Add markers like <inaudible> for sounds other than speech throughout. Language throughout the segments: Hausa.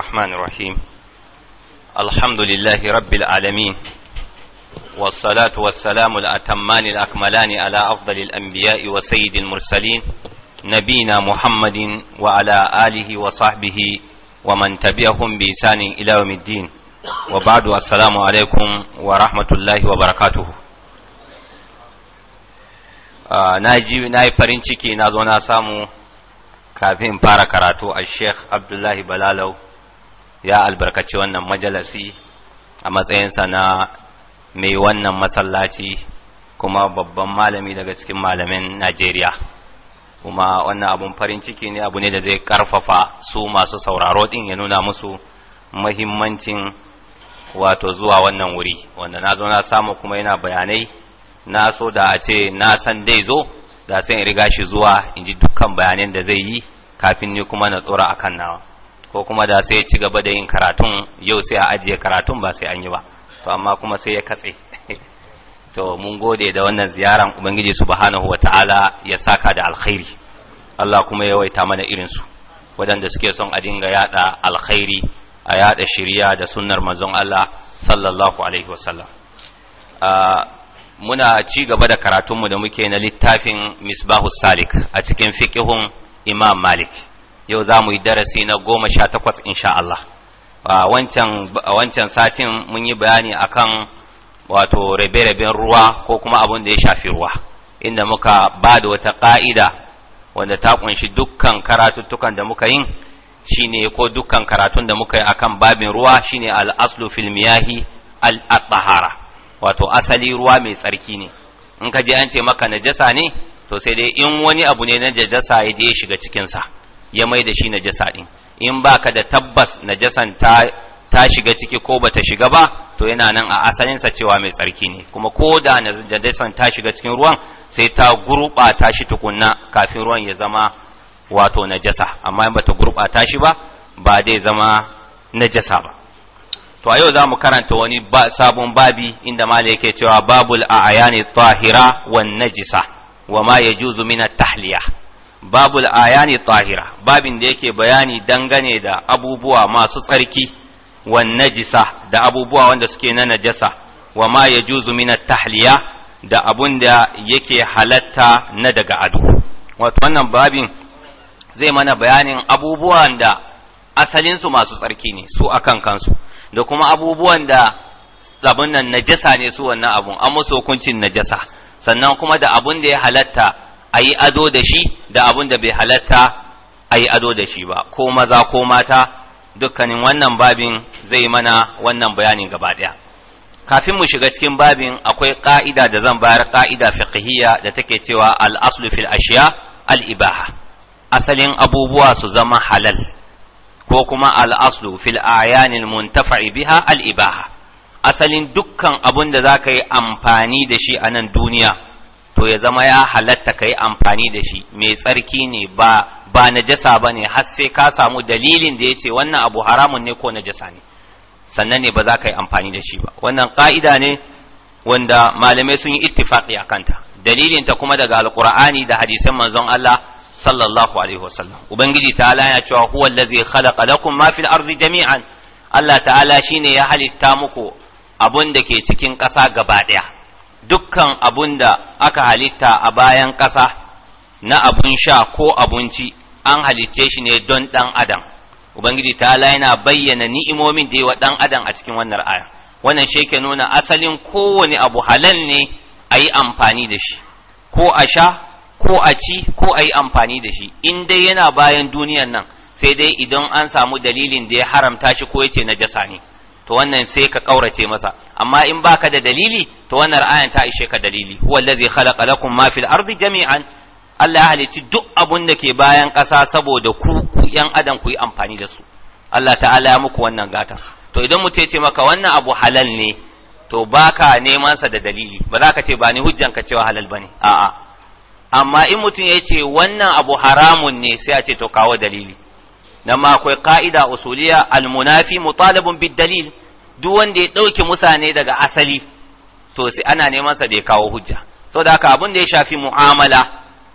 الرحمن الرحيم الحمد لله رب العالمين والصلاة والسلام الأتمان الأكملان على أفضل الأنبياء وسيد المرسلين نبينا محمد وعلى آله وصحبه ومن تبعهم بإحسان إلى يوم الدين وبعد السلام عليكم ورحمة الله وبركاته ناجي ناي فرنشكي نازونا سامو كافين فارا كراتو الشيخ عبد الله بلالو ya albarkaci wannan majalasi a matsayinsa na mai wannan masallaci kuma babban malami daga cikin malamin Najeriya kuma wannan abun farin ciki ne abu ne da zai karfafa su masu sauraro din ya nuna musu mahimmancin wato zuwa wannan wuri wanda na zo na samu kuma yana bayanai na so da a ce na san dai zo da sai in riga shi zuwa in ji dukkan bayanan da zai yi kafin ni kuma na tsora akan nawa ko kuma da sai ci gaba da yin karatun yau sai a ajiye karatun ba sai an yi ba to amma kuma sai ya katse <laughs> to mun gode da wannan ziyaran ubangiji subhanahu wataala ya saka da alkhairi Allah kuma ya waita mana irin su waɗanda suke son a dinga yada alkhairi a yada shiriya da sunnar manzon Allah sallallahu alaihi wasallam muna ci gaba da karatunmu da muke na littafin misbahus salik a cikin fiqhun imam malik yau za mu yi darasi na goma sha takwas insha Allah wancan satin mun yi bayani akan wato rabe-raben ruwa ko kuma abin da ya shafi ruwa inda muka ba da wata ƙa'ida wanda ta kunshi dukkan karatuttukan da muka yin shine ko dukkan karatun da muka yi akan babin ruwa shine ne filmiyahi filmiyahi al'adahara wato asali ruwa mai tsarki ne in ka je an ce maka najasa ne to sai dai in wani abu ne na najasa ya je shiga cikinsa. ya mai da shi najasa ɗin in baka da tabbas najasan ta ta shiga ciki ko bata shiga ba to yana nan a asalinsa cewa mai tsarki ne kuma ko da najasan ta shiga cikin ruwan sai ta gurɓata shi tukunna kafin ruwan ya zama wato najasa amma in bata gurɓata shi ba ba dai zama najasa ba to a yau za mu karanta wani sabon babi inda mala yake cewa babul a a'yani tahira wa najisa wa ma yajuzu juzu at-tahliya babul ayani tahira babin da yake bayani dangane da abubuwa masu tsarki wan najisa da abubuwa wanda suke na najasa wa ma yajuzu min tahliya da abun da yake halatta na daga ado wato wannan babin zai mana bayanin abubuwan da asalinsu masu tsarki ne su akan kansu da kuma abubuwan da abun nan najasa ne su wannan abun an musu hukuncin najasa sannan kuma da abun da ya halatta a yi ado da shi da abun da bai halatta a yi ado da shi ba ko maza ko mata dukkanin wannan babin zai mana wannan bayanin gaba ɗaya kafin mu shiga cikin babin akwai ƙa'ida da zan bayar ƙa'ida fiqhiyya da take cewa al'aslu fil ashiya al-ibaha asalin abubuwa su zama halal ko kuma al'aslu aslu fil ayanil muntafa'i biha ibaha asalin dukkan abun da zaka yi amfani da shi a nan duniya to ya zama ya halatta ka yi amfani da shi mai tsarki ne ba ba najasa ba ne har sai ka samu dalilin da ya ce wannan abu haramun ne ko najasa ne sannan ne ba za ka yi amfani da shi ba wannan ka'ida ne wanda malamai sun yi ittifaƙi a kanta dalilin ta kuma daga alƙur'ani da hadisan manzon Allah sallallahu alaihi wasallam ubangiji ta'ala yana cewa huwa allazi khalaqa lakum ma fil ardi jami'an Allah ta'ala shine ya halitta muku abun da ke cikin ƙasa gaba ɗaya dukkan abun da aka halitta a bayan ƙasa na abun sha ko abinci an halitte shi ne don ɗan adam ubangiji ta yana bayyana ni'imomin da yi wa ɗan adam a cikin wannan aya wannan shi ke nuna asalin kowane abu halal ne a yi amfani da shi ko a sha ko a ci ko a yi amfani da shi in dai yana bayan duniyan nan sai dai idan an samu dalilin da ya haramta shi ko yace na jasa ne to wannan sai ka kaurace masa amma in baka da dalili to wannan ayan ta ishe ka dalili huwa allazi khalaqa lakum ma fil ardi jami'an Allah ya halicci duk abun da ke bayan kasa, saboda ku ku yan adam ku yi amfani da su Allah ta'ala ya muku wannan gata, to idan mutum ya ce maka wannan abu halal ne to baka neman sa da dalili ba za ka ce ba ni hujjan ka cewa halal bane a'a amma in mutum ya ce wannan abu haramun ne sai a ce to kawo dalili nan ma akwai ka'ida usuliya almunafi mutalabun biddalil duk wanda ya ɗauke musane daga asali to sai ana neman sa da ya kawo hujja saboda haka abin da ya shafi mu'amala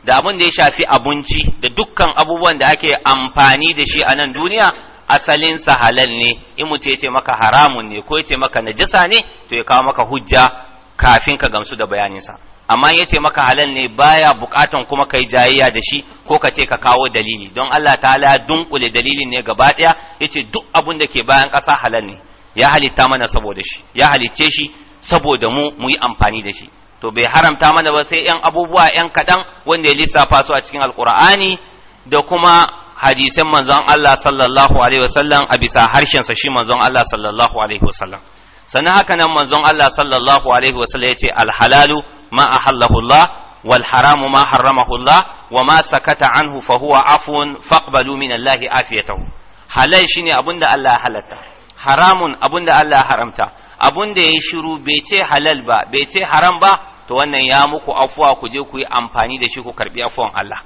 da abin da ya shafi abinci da dukkan abubuwan da ake amfani da shi a nan duniya asalin sa halal ne in mutum yace ce maka haramun ne ko ce maka najisa ne to ya kawo maka hujja kafin ka gamsu da bayaninsa amma ya ce maka halal ne baya bukatan kuma kai jayayya da shi ko ka ce ka kawo dalili don Allah ta'ala dunkule dalilin ne gaba daya yace duk abun da ke bayan kasa halal ne ya halitta mana saboda shi ya halicce shi saboda mu mu yi amfani da shi to bai haramta mana ba sai yan abubuwa yan kaɗan wanda ya lissafa su a cikin alkur'ani da kuma hadisan manzon Allah sallallahu alaihi wasallam a bisa harshen sa shi manzon Allah sallallahu alaihi wasallam sannan haka nan manzon Allah sallallahu alaihi wasallam ya ce alhalalu ma ahallahu Allah wal haramu ma harramahu Allah wa ma sakata anhu fa huwa afun faqbalu min Allah afiyatahu halal shine abunda Allah halatta haramun abunda Allah haramta Abunda yayi shiru bai ce halal ba bai ce haram ba to wannan ya muku afuwa ku je ku yi amfani da shi ku karbi afuwan Allah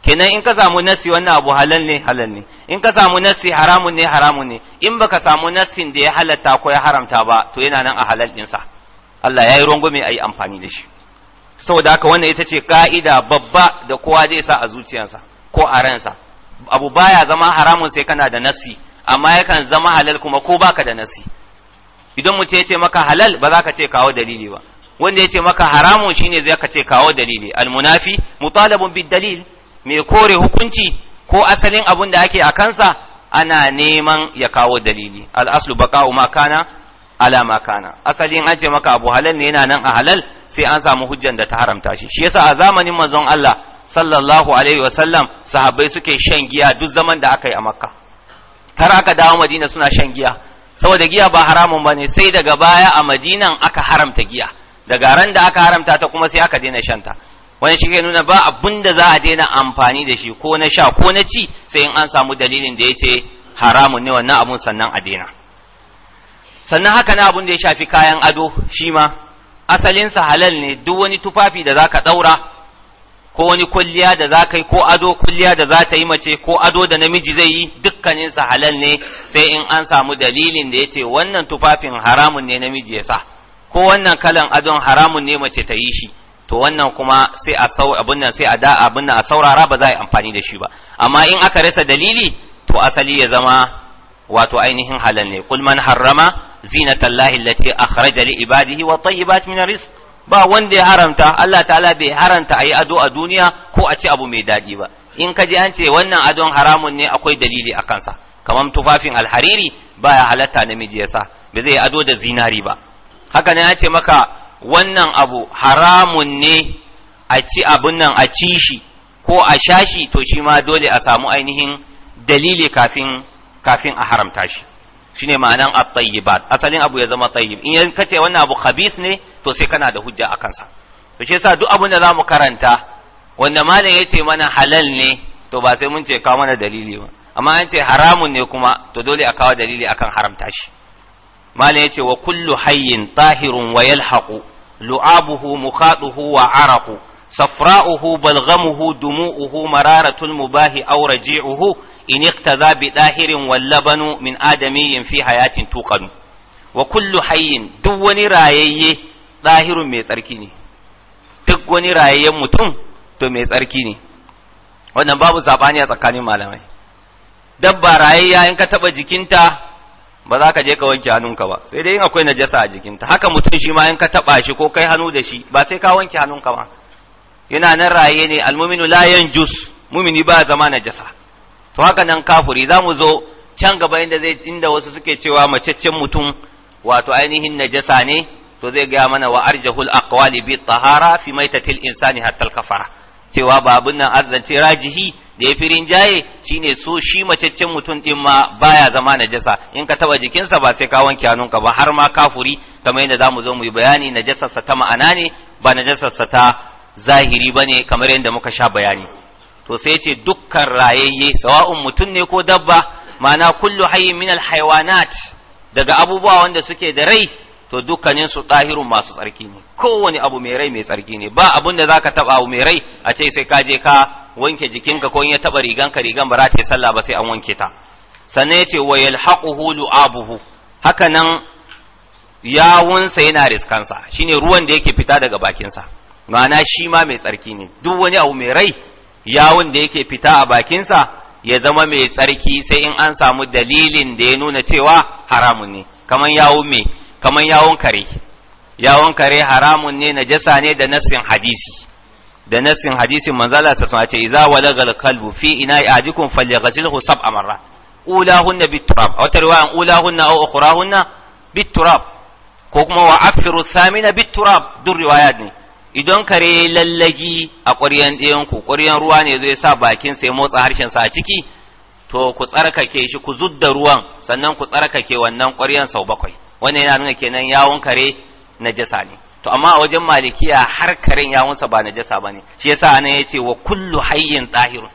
kenan in ka samu nasi wannan abu halal ne halal ne in ka samu nasi haramun ne haramun ne in baka samu nasin da ya halatta ko ya haramta ba to yana nan a halal din sa Allah ya yi rungume a yi amfani da shi saboda haka wannan ita ce ka'ida babba da kowa zai sa a zuciyarsa ko a ransa abu baya zama haramun sai kana da nasi amma yakan zama halal kuma ko baka da nasi idan mutum ya ce maka halal ba za ka ce kawo dalili ba wanda ya ce maka haramun shine zai ka ce kawo dalili almunafi mutalabun bid dalil mai kore hukunci ko asalin abun da ake a kansa ana neman ya kawo dalili al aslu baqa'u ma ala makana asalin an ce maka abu halal ne yana nan a halal sai an samu hujjan da ta haramta shi shi yasa a zamanin manzon Allah sallallahu alaihi wa sallam sahabbai suke shan giya duk zaman da aka yi a makka har aka dawo madina suna shan giya saboda giya ba haramun bane sai daga baya a madinan aka haramta giya daga ran da aka haramta ta kuma sai aka daina shanta wani shi ke nuna ba abun da za a daina amfani da shi ko na sha ko na ci sai in an samu dalilin da ya ce haramun ne wannan abun sannan a daina sannan haka na abin da ya shafi kayan ado shi ma asalinsa halal ne duk wani tufafi da za ka ɗaura ko wani kulliya da za ka yi ko ado kulliya da za ta yi mace ko ado da namiji zai yi dukkaninsa halal ne sai in an samu dalilin da ya ce wannan tufafin haramun ne namiji ya sa ko wannan kalan adon haramun ne mace ta yi shi to wannan kuma sai a sau abin nan sai a da abin nan a saurara ba za a yi amfani da shi ba amma in aka rasa dalili to asali ya zama wato ainihin halal ne kul man harrama zinatallahi allati akhraja li ibadihi wa tayyibat min rizq ba wanda ya haramta Allah ta'ala bai haramta ayi ado a duniya ko a ci abu mai daɗi ba in ka ji an ce wannan adon haramun ne akwai dalili a kansa kamar tufafin alhariri baya halatta namiji ya sa ba zai ado da zinari ba haka ne ya ce maka wannan abu haramun ne a ci abun nan a ci shi ko a sha shi to shi ma dole a samu ainihin dalili kafin kafin a haramta shi shine ma'anan at-tayyibat asalin abu ya zama tayyib in kace wannan abu khabith ne to sai kana da hujja akan sa to shi yasa duk abun da zamu karanta wanda malam yace mana halal ne to ba sai mun ce kawo mana dalili ba amma an ce haramun ne kuma to dole a kawo dalili akan haramta shi malam yace wa kullu hayyin tahirun wa yalhaqu lu'abuhu mukhaduhu wa araqu صفراؤه بلغمه دموؤه مرارة المباه أو رجيعه إن اقتذى بداهر واللبن من آدمي في حياة توقن وكل حي دون رايي ظاهر ميسركيني دون رايي متم تو ميسركيني wannan babu sabani a tsakanin malamai dabba rayayya in ka taba jikinta ba za ka je ka wanke hannunka ba sai dai in akwai najasa a jikinta haka mutum shi ma in ka taba shi ko kai hannu da shi ba sai ka wanke hannunka ba yana nan raye ne almuminu la yanjus mumini ba zama najasa to haka nan kafuri za mu zo can gaba inda zai inda wasu suke cewa macaccen mutum wato ainihin najasa ne to zai gaya mana wa arjahul aqwali bi tahara fi maitatil insani hatta al kafara cewa babun nan azzance rajihi da ya firin jaye shine so shi macaccen mutum din ma baya zama najasa in ka taba jikinsa ba sai ka wanke hannunka ba har ma kafuri kamar za mu zo mu yi bayani najasarsa ta ma'ana ne ba najasarsa ta zahiri bane kamar yadda muka sha bayani to sai ce dukkan rayayye sawa'un mutum ne ko dabba ma'ana kullu hayyin min alhayawanat daga abubuwa wanda suke da rai to dukkanin su tsahirun masu tsarki ne kowane abu mai rai mai tsarki ne ba abun da zaka taba abu mai rai a ce sai ka je ka wanke jikinka ko in ya taba riganka rigan ba za ta sallah ba sai an wanke ta sannan yace ce wa yalhaquhu lu'abuhu haka nan yawunsa yana riskansa shine ruwan da yake fita daga bakinsa ma'ana shi ma mai tsarki ne duk wani abu mai rai yawon da yake fita a bakinsa ya zama mai tsarki sai in an samu dalilin da ya nuna cewa haramun ne kaman yawon mai kamar yawon kare yawon kare haramun ne na jasa ne da nassin hadisi da nassin hadisin manzala sa sun ce idza walagal kalbu fi ina yadikum falyaghsilhu sab'a marra ulahunna biturab aw tarwan ulahunna aw ukhrahunna turab. ko kuma wa aktharu thamina biturab dur riwayat ne idan kare ya lallagi a ƙwaryan ɗiyanku, ƙwaryan ruwa ne zai sa bakin sai motsa harshensa a ciki to ku tsarkake shi ku zudda ruwan sannan ku tsarkake wannan ƙwaryan sau bakwai wani yana nuna kenan yawon kare na jasa ne to amma a wajen malikiya har karen yawunsa ba na jasa ba ne shi yasa ana ya ce wa kullu hayyin tsahirun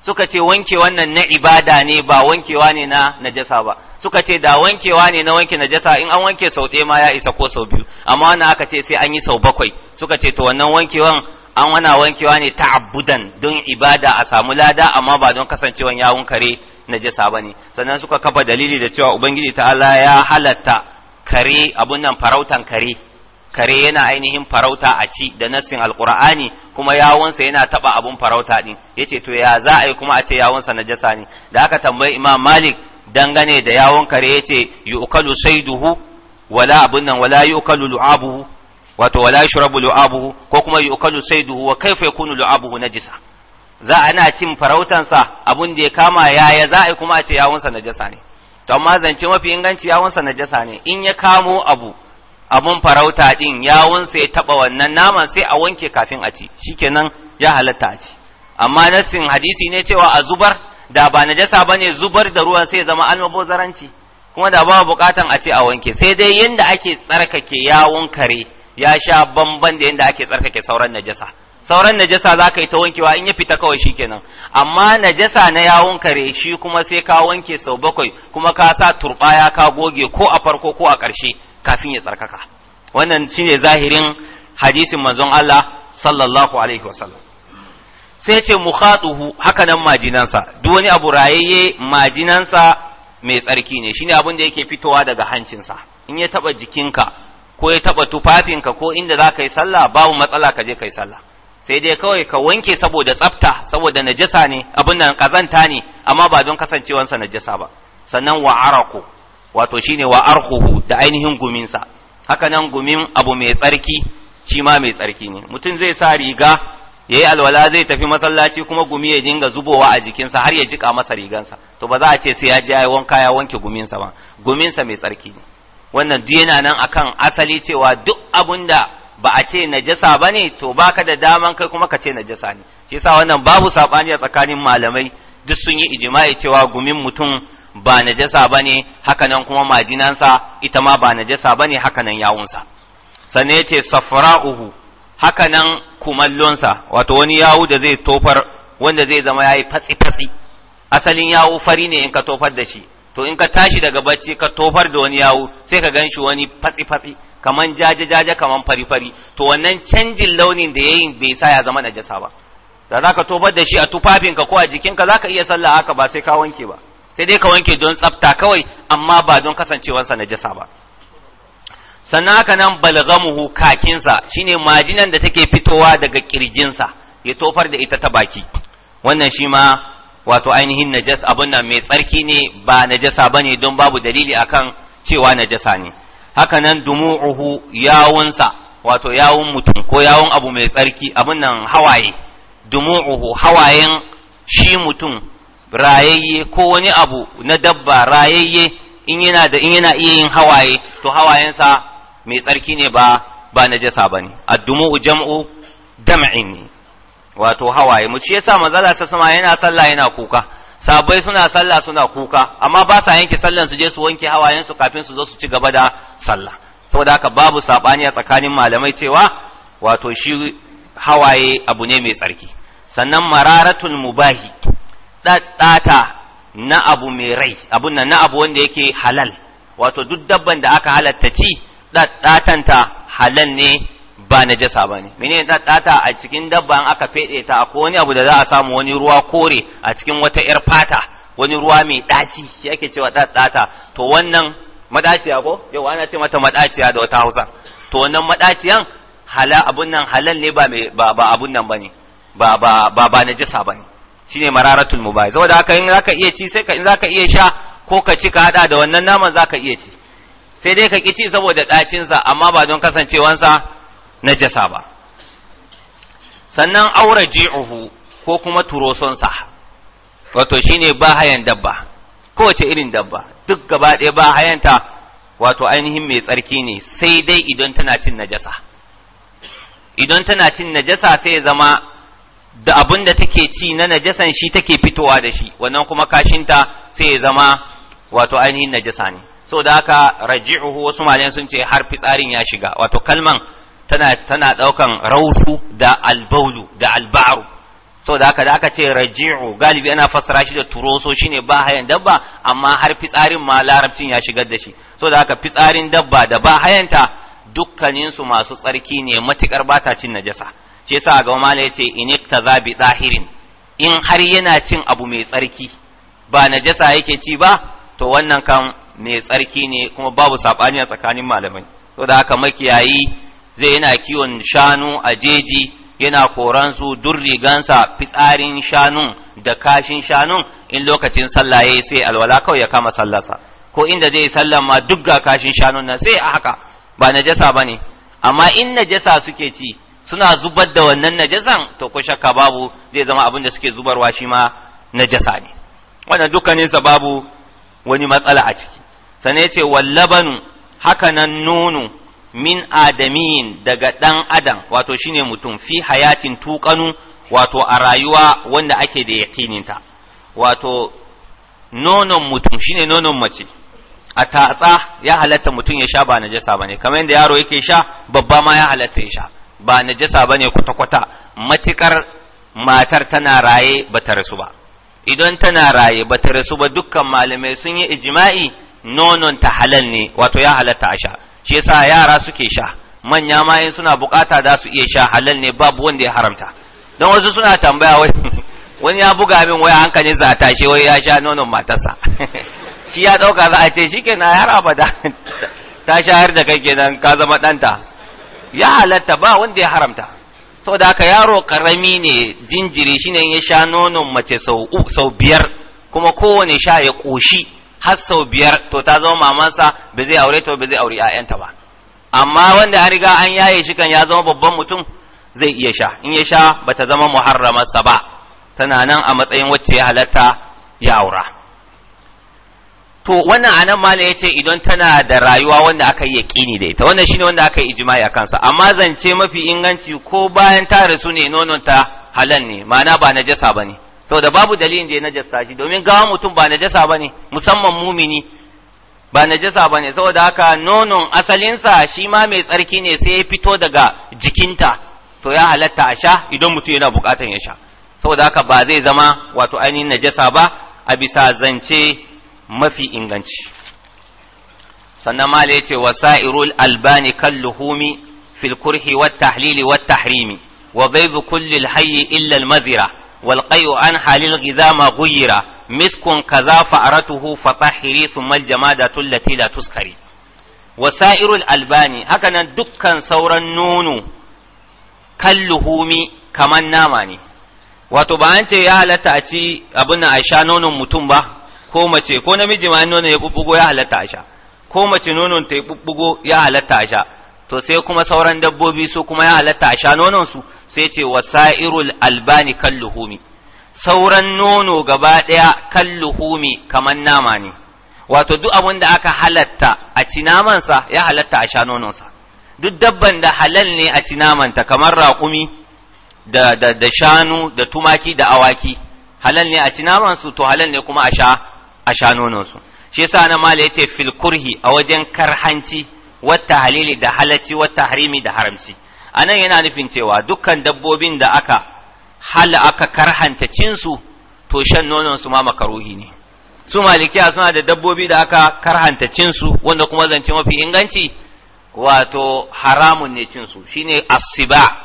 suka ce wanke wannan na ibada ne ba wankewa ne na najasa ba suka ce da wankewa ne na wanke najasa in an wanke sau ɗaya ma ya isa ko sau biyu amma wannan aka ce sai an yi sau bakwai suka ce to wannan wankewan an wana wankewa ne ta abudan don ibada a samu lada amma ba don kasancewan ya kare najasa ba ne sannan suka kafa dalili da cewa ubangiji ta'ala ya halatta kare abun nan farautan kare kare yana ainihin farauta a ci da nassin alqur'ani kuma yawunsa yana taba abun farauta din yace to ya za a yi kuma a ce yawunsa najasa ne da aka tambayi imam malik dangane da yawon kare yace yuqalu sayduhu wala abun nan wala yuqalu lu'abuhu wato wala yashrabu lu'abuhu ko kuma yuqalu sayduhu wa kaifa yakunu lu'abuhu najisa za ana cin farautansa abun da ya kama yaya za a yi kuma a ce yawunsa najasa ne to amma zance mafi inganci yawunsa najasa ne in ya kamo abu abun farauta din yawunsa ya taba wannan naman sai a wanke kafin a ci shikenan ya halatta a ci amma nassin hadisi ne cewa a zubar da ba najasa bane zubar da ruwan sai ya zama almabozaranci kuma da ba bukatan a ce a wanke sai dai yanda ake tsarkake yawun kare ya sha bamban da yanda ake tsarkake sauran najasa sauran najasa za ka yi ta wankewa in ya fita kawai shikenan amma najasa na yawun kare shi kuma sai ka wanke sau bakwai kuma ka sa turbaya ka goge ko a farko ko a ƙarshe kafin ya tsarkaka wannan shine zahirin hadisin manzon Allah sallallahu alaihi wasallam sai ce mukhatuhu haka nan majinansa duk wani abu rayayye majinansa mai tsarki ne shine abin da yake fitowa daga hancinsa in ya taba jikinka ko ya taba tufafinka ko inda za ka yi sallah babu matsala ka je ka yi sallah sai dai kawai ka wanke saboda tsafta saboda najasa ne abin nan kazanta ne amma ba don kasancewansa najasa ba sannan wa araku wato shine wa arhuhu da ainihin guminsa haka nan gumin abu mai tsarki shi ma mai tsarki ne mutum zai sa riga ya yi alwala zai tafi masallaci kuma gumi ya dinga zubowa a jikinsa har ya jika masa rigansa to ba za a ce sai ya ji ya wanka ya wanke guminsa ba guminsa mai tsarki ne wannan duk yana nan akan asali cewa duk abun da ba a ce najasa ba ne to baka da daman kai kuma ka ce najasa ne shi yasa wannan babu saɓani a tsakanin malamai duk sun yi ijma'i cewa gumin mutum ba najasa bane hakanan kuma majinansa ita ma ba najasa bane hakanan yawunsa sannan yace safra'uhu hakanan kumallonsa wato wani yawu da zai tofar wanda zai zama yayi fatsi fatsi asalin yawu fari ne in ka tofar da shi to in ka tashi daga bacci ka tofar da wani yawu sai ka ganshi wani fatsi fatsi kaman jaje jaje kaman fari fari to wannan canjin launin da yayin bai sa ya zama na jasa ba da zaka tofar da shi a tufafinka ko a jikinka zaka iya sallah haka ba sai ka wanke ba sai dai ka wanke don tsafta kawai amma ba don kasancewarsa jasa ba sannan haka nan balgamuhu kakinsa shine majinan da take fitowa daga kirjinsa ya tofar da ita ta baki wannan shi ma wato ainihin najas abun nan mai tsarki ne ba najasa ne don babu dalili akan cewa najasa ne haka nan dumu'uhu yawunsa wato yawun mutum ko yawun abu mai tsarki abun nan hawaye dumu'uhu hawayen shi mutum rayayye ko wani abu na dabba rayayye in yana da in yana iya yin hawaye to hawayensa mai tsarki ne ba ba ba ne addumu jam'u dam'in wato hawaye mu ce yasa manzala sa sama yana sallah yana kuka sabai suna sallah suna kuka amma ba sa yanke sallan su je su wanke hawayen su kafin su zo su ci gaba da sallah saboda haka babu sabani a tsakanin malamai cewa wato shi hawaye abu ne mai tsarki sannan mararatul mubahi ɗaɗɗata na abu mai rai abun nan na abu wanda yake halal wato duk dabban da aka halatta ci ɗaɗɗatanta halal ne ba na jasa ba ne Mene ɗaɗɗata a cikin dabba an aka feɗe ta ko wani abu da za a samu wani ruwa kore a cikin wata 'yar fata wani ruwa mai ɗaci shi ake cewa ɗaɗɗata to wannan maɗaciya ko yau ana ce mata maɗaciya da wata hausa to wannan maɗaciyan hala abun nan halal ne ba abun nan ba ne, ba ba ba ba najasa bane shine mararatul mubahi saboda haka in zaka iya ci sai ka in zaka iya sha ko ka ci ka hada da wannan naman zaka iya ci sai dai ka ki ci saboda dacin sa amma ba don kasancewansa najasa ba sannan aura ji'uhu ko kuma turoson sa wato shine ba hayan dabba kowace irin dabba duk gaba ɗaya ba hayanta wato ainihin mai tsarki ne sai dai idan tana cin najasa idan tana cin najasa sai ya zama da abin da take ci na najasan shi take fitowa da shi wannan kuma kashinta sai ya zama wato ainihin najasa ne so da haka raji'uhu wasu malayan sun ce har fitsarin ya shiga wato kalman tana tana daukan rausu da albaulu da albaru so da haka da aka ce raji'u galibi ana fassara shi da turoso shine ba hayan dabba amma har fitsarin ma larabcin ya shigar da shi so da haka fitsarin dabba da ba hayanta dukkaninsu masu tsarki ne matukar bata cin najasa shi yasa ga mala yace in iktaza bi zahirin in har yana cin abu mai tsarki ba najasa yake ci ba to wannan kan mai tsarki ne kuma babu sabani a tsakanin malamai to da haka makiyayi zai yana kiwon shanu a jeji yana koran su dur rigansa fitsarin shanun da kashin shanun in lokacin sallah yayi sai alwala kawai ya kama sallarsa ko inda zai sallar ma duk ga kashin shanun nan sai a haka ba najasa bane amma in najasa suke ci suna zubar da wannan najasan to ko shakka babu zai zama abin da suke zubarwa shi ma najasa ne wannan dukkaninsa babu wani matsala a ciki sanai yace wallabanu haka nan nono min adamin daga dan adam wato shine mutum fi hayatin tuƙanu wato a rayuwa wanda ake da yaƙininta wato nonon mutum shine nonon mace a tatsa ya halatta mutum ya sha ba najasa bane kamar yadda yaro yake sha babba ma ya halatta ya sha ba najasa bane kwata-kwata matikar matar tana raye ba ta rasu ba idan tana raye ba ta rasu ba dukkan malamai sun yi ijma'i nonon ta halal ne wato ya halatta a sha shi yasa yara suke sha manya ma in suna bukata za su iya sha halal ne babu wanda ya haramta don wasu suna tambaya wai <laughs> wani ya buga min waya hankali za ta shi wai ya sha nonon matarsa <laughs> shi ya dauka za a ce shikenan yara ba da <laughs> ta shayar da kai kenan ka zama danta ya halatta ba wanda ya haramta saboda haka yaro karami ne jinjiri shine ya sha nonon mace sau biyar kuma kowane sha ya koshi har sau biyar to ta zama mamansa ba zai aure ta ba zai aure 'ya'yanta ba amma wanda an riga an yaye shi kan ya zama babban mutum zai iya sha in ya sha bata zama muharramarsa ba tana nan a matsayin wacce ya halatta ya aura to wannan anan malam ce idan tana da rayuwa wanda aka yi yaqini da ita wannan shine wanda aka yi ijma'i akan sa amma zance mafi inganci ko bayan ta rasu ne nonon ta halal ne ma'ana ba najasa bane saboda babu dalilin da ya najasa shi domin gawa mutum ba najasa bane musamman mumini ba najasa bane saboda haka nonon asalinsa shi ma mai tsarki ne sai ya fito daga jikinta to ya halatta a sha idan mutum yana bukatan ya sha saboda haka ba zai zama wato ainihin najasa ba a bisa zance mafi inganci sannan mala yace wasairul albani kan luhumi filkurhi kurhi wat tahlili wat tahrimi wa bayb kulli hayyi illal illa al madhira wal qayu an halil ghidha ma ghuyira miskun kaza fa'aratuhu fatahiri thumma al jamadatu allati la tuskari wasairul albani hakanan dukkan sauran nono kan luhumi kaman nama ne wato ba an ce ya halatta a ci abin a sha nonon mutum ba ko mace ko namiji ma nono ya bubbugo ya halatta a ko mace nonon ta ya bubbugo ya halatta a to sai kuma sauran dabbobi su kuma ya halatta a sha nonon su sai ce wasairul albani kalluhumi sauran nono gaba daya kalluhumi kaman nama ne wato duk abin da aka halatta a ci namansa ya halatta a sha nononsa duk dabban da halal ne a ci namanta kamar raƙumi da, da, shanu da tumaki da awaki halal ne a ci su to halal ne kuma asha. a sha nononsu shi yasa na mala ya ce filkurhi a wajen karhanci wata halili da halacci wata harimi da haramci A nan yana nufin cewa dukkan dabbobin da aka hala aka karhanta cinsu to shan nononsu ma makaruhi ne su malikiya suna da dabbobi da aka karhanta cinsu wanda kuma zance mafi inganci wato haramun ne cinsu shine asiba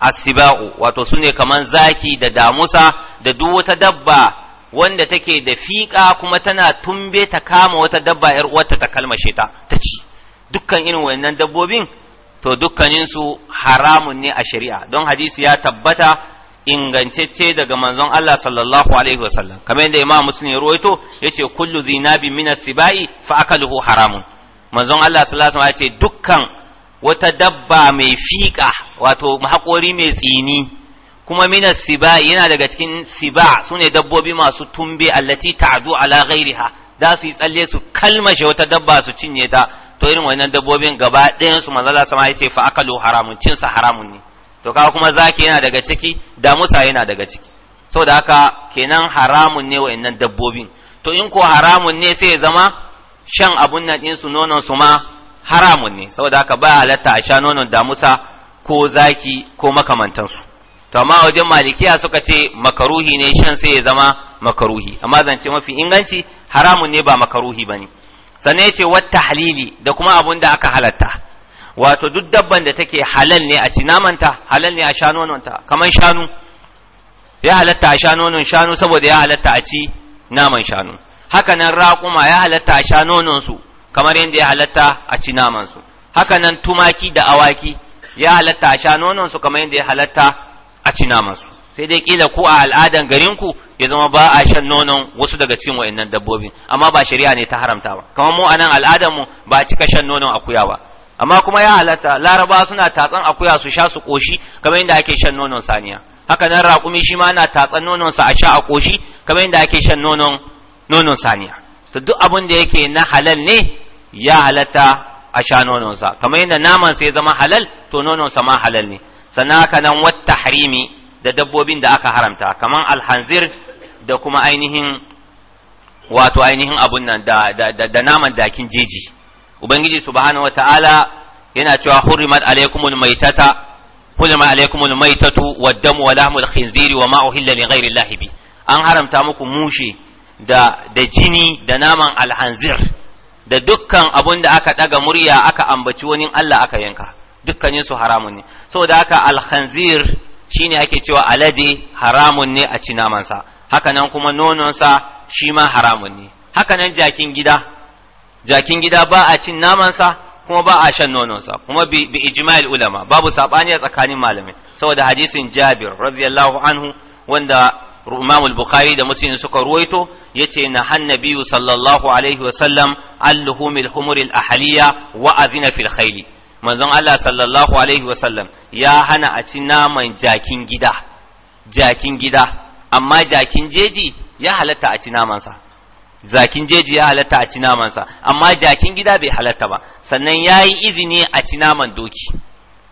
asiba'u wato su ne kamar zaki da damusa da duk wata dabba wanda take da fiƙa kuma tana tumbe ta kama wata dabba ‘yar uwarta ta kalmashe ta ta ci dukkan irin wannan dabbobin to dukkaninsu haramun ne a shari'a don hadisi ya tabbata ingantacce daga manzon Allah sallallahu alaihi wasallam kamar yadda imam muslim ya ruwaito yace kullu zinabi min sibai fa akaluhu haramun manzon Allah sallallahu alaihi wasallam ya ce dukkan wata dabba mai fiƙa wato mahaƙori mai tsini kuma minas siba yana daga cikin siba sune dabbobi masu tumbe allati ta'du ala ghairiha za su yi tsalle su kalmashe wata dabba su cinye ta to irin wannan dabbobin gaba ɗayan su manzo Allah sama yace fa akalu haramun cin sa haramun ne to kaga kuma zaki yana daga ciki da musa yana daga ciki saboda haka kenan haramun ne wa'annan dabbobin to in ko haramun ne sai ya zama shan abun nan ɗinsu nonon su ma haramun ne saboda haka ba halatta a sha nonon damusa ko zaki ko makamantansu to amma wajen malikiya suka ce makaruhi ne shan sai ya zama makaruhi amma zance mafi inganci haramun ne ba makaruhi bane sannan ya ce wata halili da kuma abun da aka halatta wato duk dabban da take halal ne a ci namanta halal ne a sha nononta kamar shanu ya halatta a sha nonon shanu saboda ya halatta a ci naman shanu haka nan raƙuma ya halatta a sha nononsu kamar yadda ya halatta a ci namansu haka nan tumaki da awaki ya halatta a sha nononsu kamar yadda ya halatta a ci su sai dai kila ko a al'adan garinku ya zama ba a shan nonon wasu daga cikin wa'annan dabbobi amma ba shari'a ne ta haramta ba kamar mu anan al'adan mu ba a cika shan nonon akuya ba amma kuma ya halatta laraba suna tatsan akuya su sha su koshi kamar yadda ake shan nonon saniya haka nan raƙumi shi ma na tatsan nonon sa a sha a koshi kamar yadda ake shan nonon nonon saniya to duk abin da yake na halal ne ya halatta a sha nononsa kamar yadda naman ya zama halal to nononsa ma halal ne sannan haka nan wata harimi da dabbobin da aka haramta kaman alhanzir da kuma ainihin wato ainihin abun nan da, da, da, naman dakin jeji ubangiji subhanahu wata'ala yana cewa hurrimat alaikumul maitata hurrimat alaikumul maitatu damu wa lahmul khinziri wa ma uhilla li ghairi lahibi an haramta muku mushi da da jini da naman alhanzir da dukkan abun da aka daga murya aka ambaci wani Allah aka yanka dukkanin su haramun ne saboda haka alkhanzir shine ake cewa alade haramun ne a ci namansa haka nan kuma nononsa shi ma haramun ne haka nan jakin gida jakin gida ba a cin namansa kuma ba a shan nononsa kuma bi ijma'il ulama babu sabani a tsakanin malamai saboda hadisin Jabir radiyallahu anhu wanda Imam al-Bukhari da Muslim suka ruwaito yace na hannabiyu sallallahu alaihi wa sallam al-humil humuril ahliya wa azina fil khayli manzon Allah sallallahu alaihi wasallam ya hana a ci naman jakin gida jakin gida amma jakin jeji ya halatta a ci namansa jakin jeji ya halatta a ci namansa amma jakin gida bai halatta ba sannan ya yi izini a ci naman doki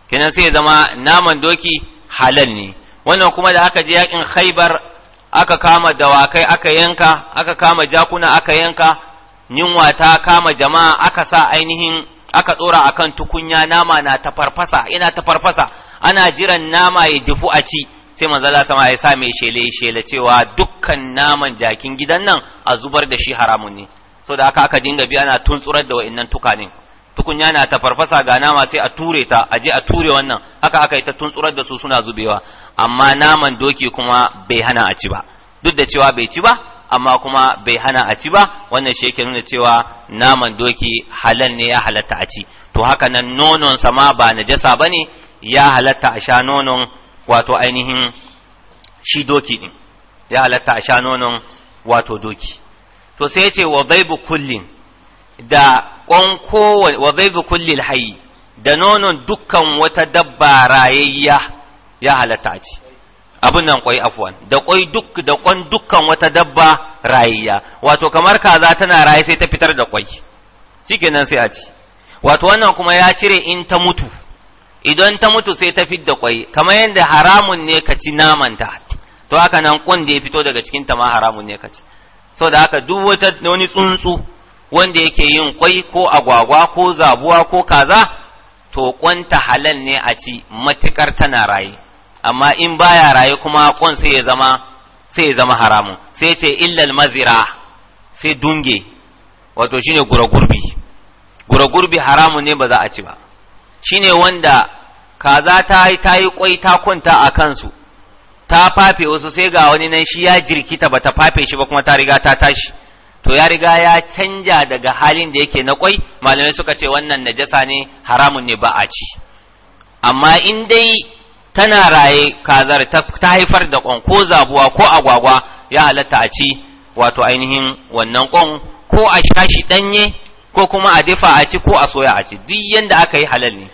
kenan sai ya zama naman doki halal ne wannan kuma da aka je yakin khaibar aka kama dawakai aka yanka aka kama jakuna aka yanka yunwa ta kama jama'a aka sa ainihin aka dora akan tukunya nama na tafarfasa, ina ta ana jiran nama ya dufu a ci sai manzala sama ya sa mai shele shele cewa dukkan naman jakin gidan nan a zubar da shi haramun ne so da aka aka dinga bi ana tuntsurar da wa'annan tukanin tukunya na tafarfasa ga nama sai a ture ta a je a ture wannan haka aka yi ta tuntsurar da su suna zubewa amma naman doki kuma bai hana a ci ba duk da cewa bai ci ba amma kuma bai hana a ci ba wannan shi yake nuna cewa naman doki halal ne ya halatta a ci to haka nan nonon sa ma ba najasa bane ya halatta a sha nonon wato ainihin shi doki din ya halatta a sha nonon wato doki to sai ya ce wa zaibu kullin da wa zaibu kullil hayi da nonon dukkan wata dabba rayayya ya halatta a ci abin nan kwai afwan da kwai duk da kwan dukkan wata dabba rayayya wato kamar kaza tana raye sai ta fitar da kwai shikenan sai a ci wato wannan kuma ya cire in ta mutu idan ta mutu sai ta da kwai kamar yadda haramun ne ka ci naman ta, to haka nan kun da ya fito daga cikin ta ma haramun ne ka ci saboda haka duk wata wani tsuntsu wanda yake yin kwai ko agwagwa ko zabuwa ko kaza to kwanta halal ne a ci matukar tana raye amma in baya raye kuma kon sai ya zama sai ya zama haramun sai ce illal mazira sai dunge wato shine gura gurbi gura gurbi haramun ne ba za a ci ba shine wanda kaza ta yi ta yi kwai ta kwanta a kansu ta fafe wasu sai ga wani nan shi ya jirkita ba ta fafe shi ba kuma ta riga ta tashi to ya riga ya canja daga halin da yake na kwai malamai suka ce wannan najasa ne haramun ne ba a ci amma in dai tana raye kazar ta haifar da kwan ko zabuwa ko agwagwa ya halatta a ci wato ainihin wannan kwan ko a shashi danye ko kuma a defa a ci ko a soya a ci duk yanda aka yi halal ne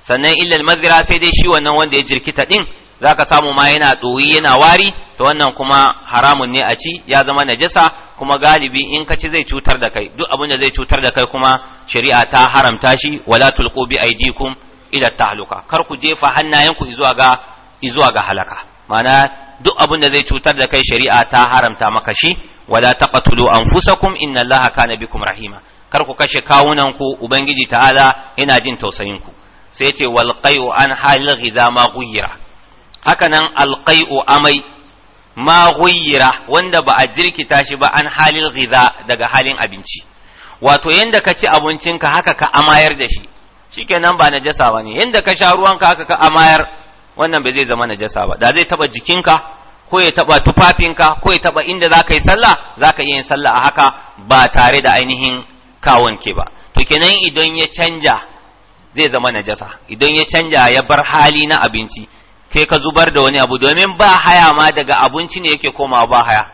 sannan illal mazira sai dai shi wannan wanda ya jirkita din zaka samu ma yana ɗoyi yana wari to wannan kuma haramun ne a ci ya zama najasa kuma galibi in ka ci zai cutar da kai duk abin da zai cutar da kai kuma shari'a ta haramta shi wala tulqu bi aidikum ila ta'aluka kar ku jefa hannayenku zuwa ga zuwa ga halaka ma'ana duk abin da zai cutar da kai shari'a ta haramta maka shi wala taqtulu anfusakum inna allaha kana bikum rahima kar ku kashe kawunan ku ubangiji ta'ala yana jin tausayin ku sai ya ce wal qai'u an halil ghiza ma ghayyira haka nan al amai ma ghayyira wanda ba a jirkita shi ba an halil ghiza daga halin abinci wato yanda ka ci abincinka haka ka amayar da shi nan ba najasa ba ne inda ka sha ruwanka aka ka amayar wannan bai zai zama najasa ba da zai taba jikinka ko ya taba tufafinka ko ya taba inda za ka yi sallah za ka iya yin sallah a haka ba tare da ainihin kawon ke ba to kenan idan ya canja zai zama najasa idan ya canja ya bar hali na abinci kai ka zubar da wani abu domin ba haya ma daga abinci ne yake komawa ba haya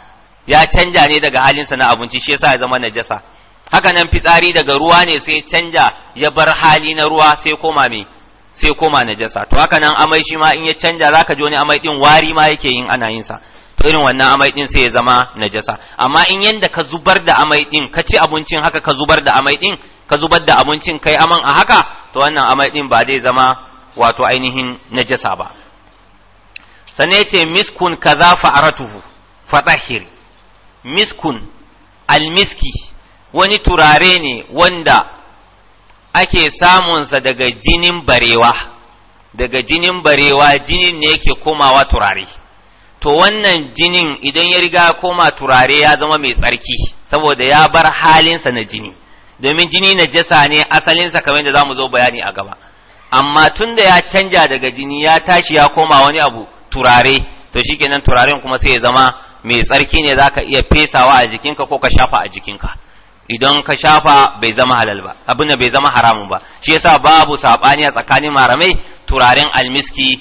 ya canja ne daga halinsa na abinci shi yasa ya zama najasa haka nan fitsari daga ruwa ne sai canja ya bar hali na ruwa sai koma me sai koma najasa to haka nan amai shi ma in ya canja zaka ji wani amai din wari ma yake yin ana yin sa to irin wannan amai din sai ya zama najasa amma in yanda ka zubar da amai din ka ci abincin haka ka zubar da amai din ka zubar da abincin kai aman a haka to wannan amai din ba zai zama wato ainihin najasa ba sanne yace miskun kaza fa'aratuhu fatahir miskun almiski wani turare ne wanda ake samunsa daga jinin barewa daga jinin barewa jinin ne yake komawa turare to wannan jinin idan ya riga koma turare ya zama mai tsarki saboda ya bar halinsa na jini domin jini na jasa ne asalinsa kamar da za mu zo bayani a gaba amma tun da ya canja daga jini ya tashi ya koma wani abu turare to shikenan turaren kuma sai ya zama mai tsarki ne za ka iya fesawa a jikinka ko ka shafa a jikinka idan ka shafa bai zama halal ba abin da bai zama haramun ba shi yasa babu saɓani a tsakanin maramai turaren almiski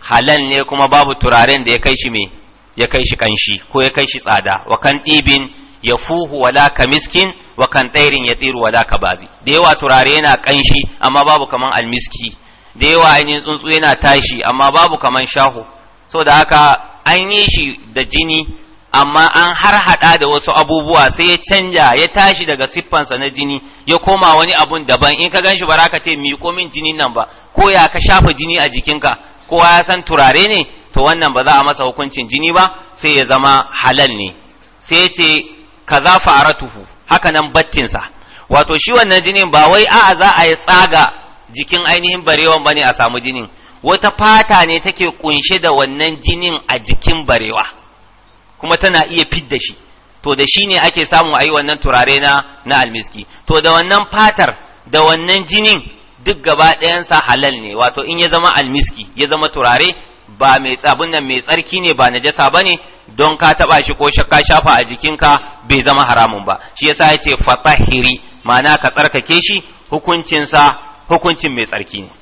halal ne kuma babu turaren da ya kai shi me ya kai shi kanshi ko ya kai shi tsada wa kan ɗibin ya fuhu wala ka miskin wa kan tsairin ya tsiru wala ka bazi da yawa turare yana kanshi amma babu kaman almiski da yawa ainihin tsuntsu yana tashi amma babu kaman shaho saboda haka an yi shi da jini amma an har hada da wasu abubuwa sai ya canja ya tashi daga siffansa na jini ya koma wani abun daban in ka gan shi ka ce miƙo min jinin nan ba ko ya ka shafa jini a jikinka kowa ya san turare ne to wannan ba za a masa hukuncin jini ba sai ya zama halal ne sai ya ce kaza faratuhu haka nan battinsa wato shi wannan jinin ba wai a'a za a yi tsaga jikin ainihin barewan ne a samu jinin wata fata ne take kunshe da wannan jinin a jikin barewa kuma tana iya fidda shi to da shi ne ake samu a yi wannan turare na na almiski to da wannan fatar da wannan jinin duk gaba ɗayansa halal ne wato in ya zama almiski ya zama turare ba mai tsabin nan mai tsarki ne ba najasa ba ne don ka taɓa shi ko ka shafa a jikinka bai zama haramun ba shi yasa ya ce fatahiri ma'ana ka tsarkake shi hukuncinsa hukuncin mai tsarki ne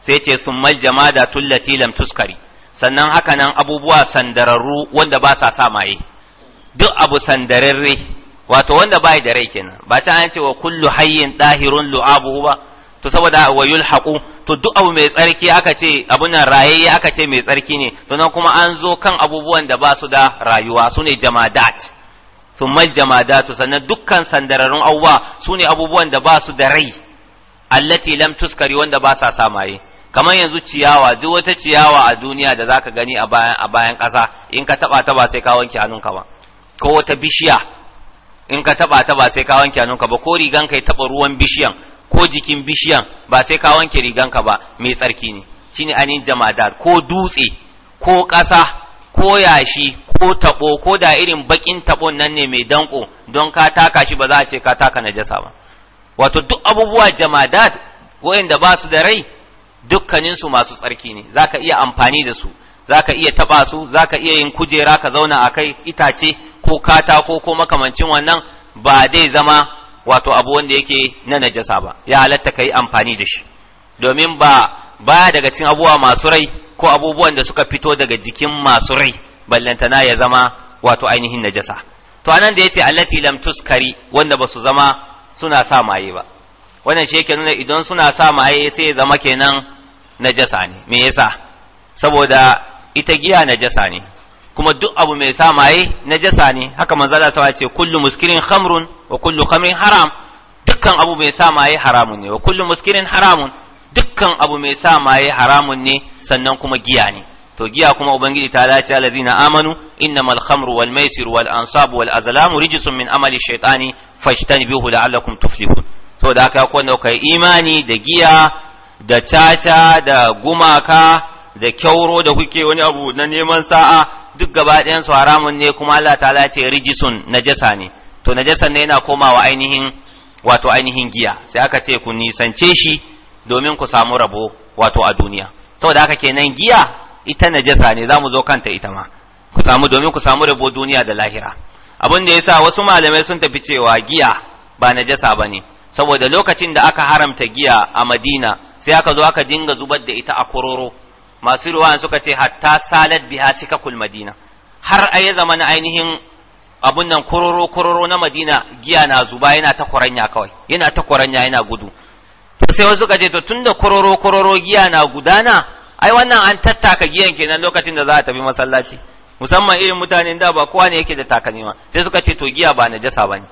sai ce sun mal jama da tullati lam tuskari sannan haka nan abubuwa sandararru wanda ba sa sa maye duk abu sandararre wato wanda bai da rai kenan ba ta an ce wa kullu hayyin dahirun lu'abu ba to saboda wa yulhaqu to duk abu mai tsarki aka ce abun nan rayayye aka ce mai tsarki ne to nan kuma an zo kan abubuwan da ba su da rayuwa sune jamadat thumma jamadatu sannan dukkan sandararrun abubuwa sune abubuwan da ba su da rai allati lam tuskari wanda ba sa samaye kamar yanzu ciyawa duk wata ciyawa a duniya da zaka gani a bayan a bayan ƙasa in ka taba ta ba sai ka wanke hannunka ba ko wata bishiya in ka taba ta ba sai ka wanke hannunka ba ko rigan ka taba ruwan bishiyan ko jikin bishiyan ba sai ka wanke rigan ka ba mai tsarki ne shine anin jamadar ko dutse ko ƙasa ko yashi ko tabo ko da irin bakin tabon nan ne mai danko don ka taka shi ba za a ce ka taka najasa ba wato duk abubuwa jamadat waɗanda ba su da rai dukkaninsu masu tsarki ne zaka iya amfani da su zaka iya taɓa su zaka iya yin kujera ka zauna a kai itace ko katako ko makamancin wannan ba dai zama wato abu wanda yake na najasa ba ya halatta ka yi amfani da shi domin ba baya daga cikin abubuwa masu rai ko abubuwan da suka fito daga jikin masu rai ballantana ya zama wato ainihin najasa to anan da yace allati lam tuskari wanda ba su zama suna sa maye ba wannan shi yake nuna idan suna sa maye sai ya zama kenan najasa ne me yasa saboda ita giya najasa ne kuma duk abu mai sa maye najasa ne haka manzo Allah sawa ce kullu muskirin khamrun wa kullu khamrin haram dukkan abu mai sa maye haramun ne wa kullu muskirin haramun dukkan abu mai sa maye haramun ne sannan kuma giya ne to giya kuma ubangiji ta dace allazina amanu innamal khamru wal maisir wal ansabu wal azlamu rijsun min amali shaytani fajtanibuhu la'allakum tuflihun da haka wanda kuka yi imani da giya da caca da gumaka da kyauro da kuke wani abu na neman sa'a duk gaba ɗayan su haramun ne kuma Allah ta ce rijisun najasa ne to najasan ne yana komawa ainihin wato ainihin giya sai aka ce ku nisance shi domin ku samu rabo wato a duniya saboda haka kenan giya ita najasa ne za mu zo kanta ita ma ku samu domin ku samu rabo duniya da lahira abin da yasa wasu malamai sun tafi cewa giya ba najasa bane saboda lokacin da aka haramta giya a madina sai aka zo aka dinga zubar da ita a kororo masu ruwa suka ce hatta salat biha kul madina har a zama na ainihin abun nan kororo kororo na madina giya na zuba yana ta kuranya kawai yana ta kuranya yana gudu to sai wasu suka ce to tunda kororo kororo giya na gudana ai wannan an tattaka giyan kenan lokacin da za a tafi masallaci musamman irin mutanen da ba kowa ne yake da takalma sai suka ce to giya ba najasa bane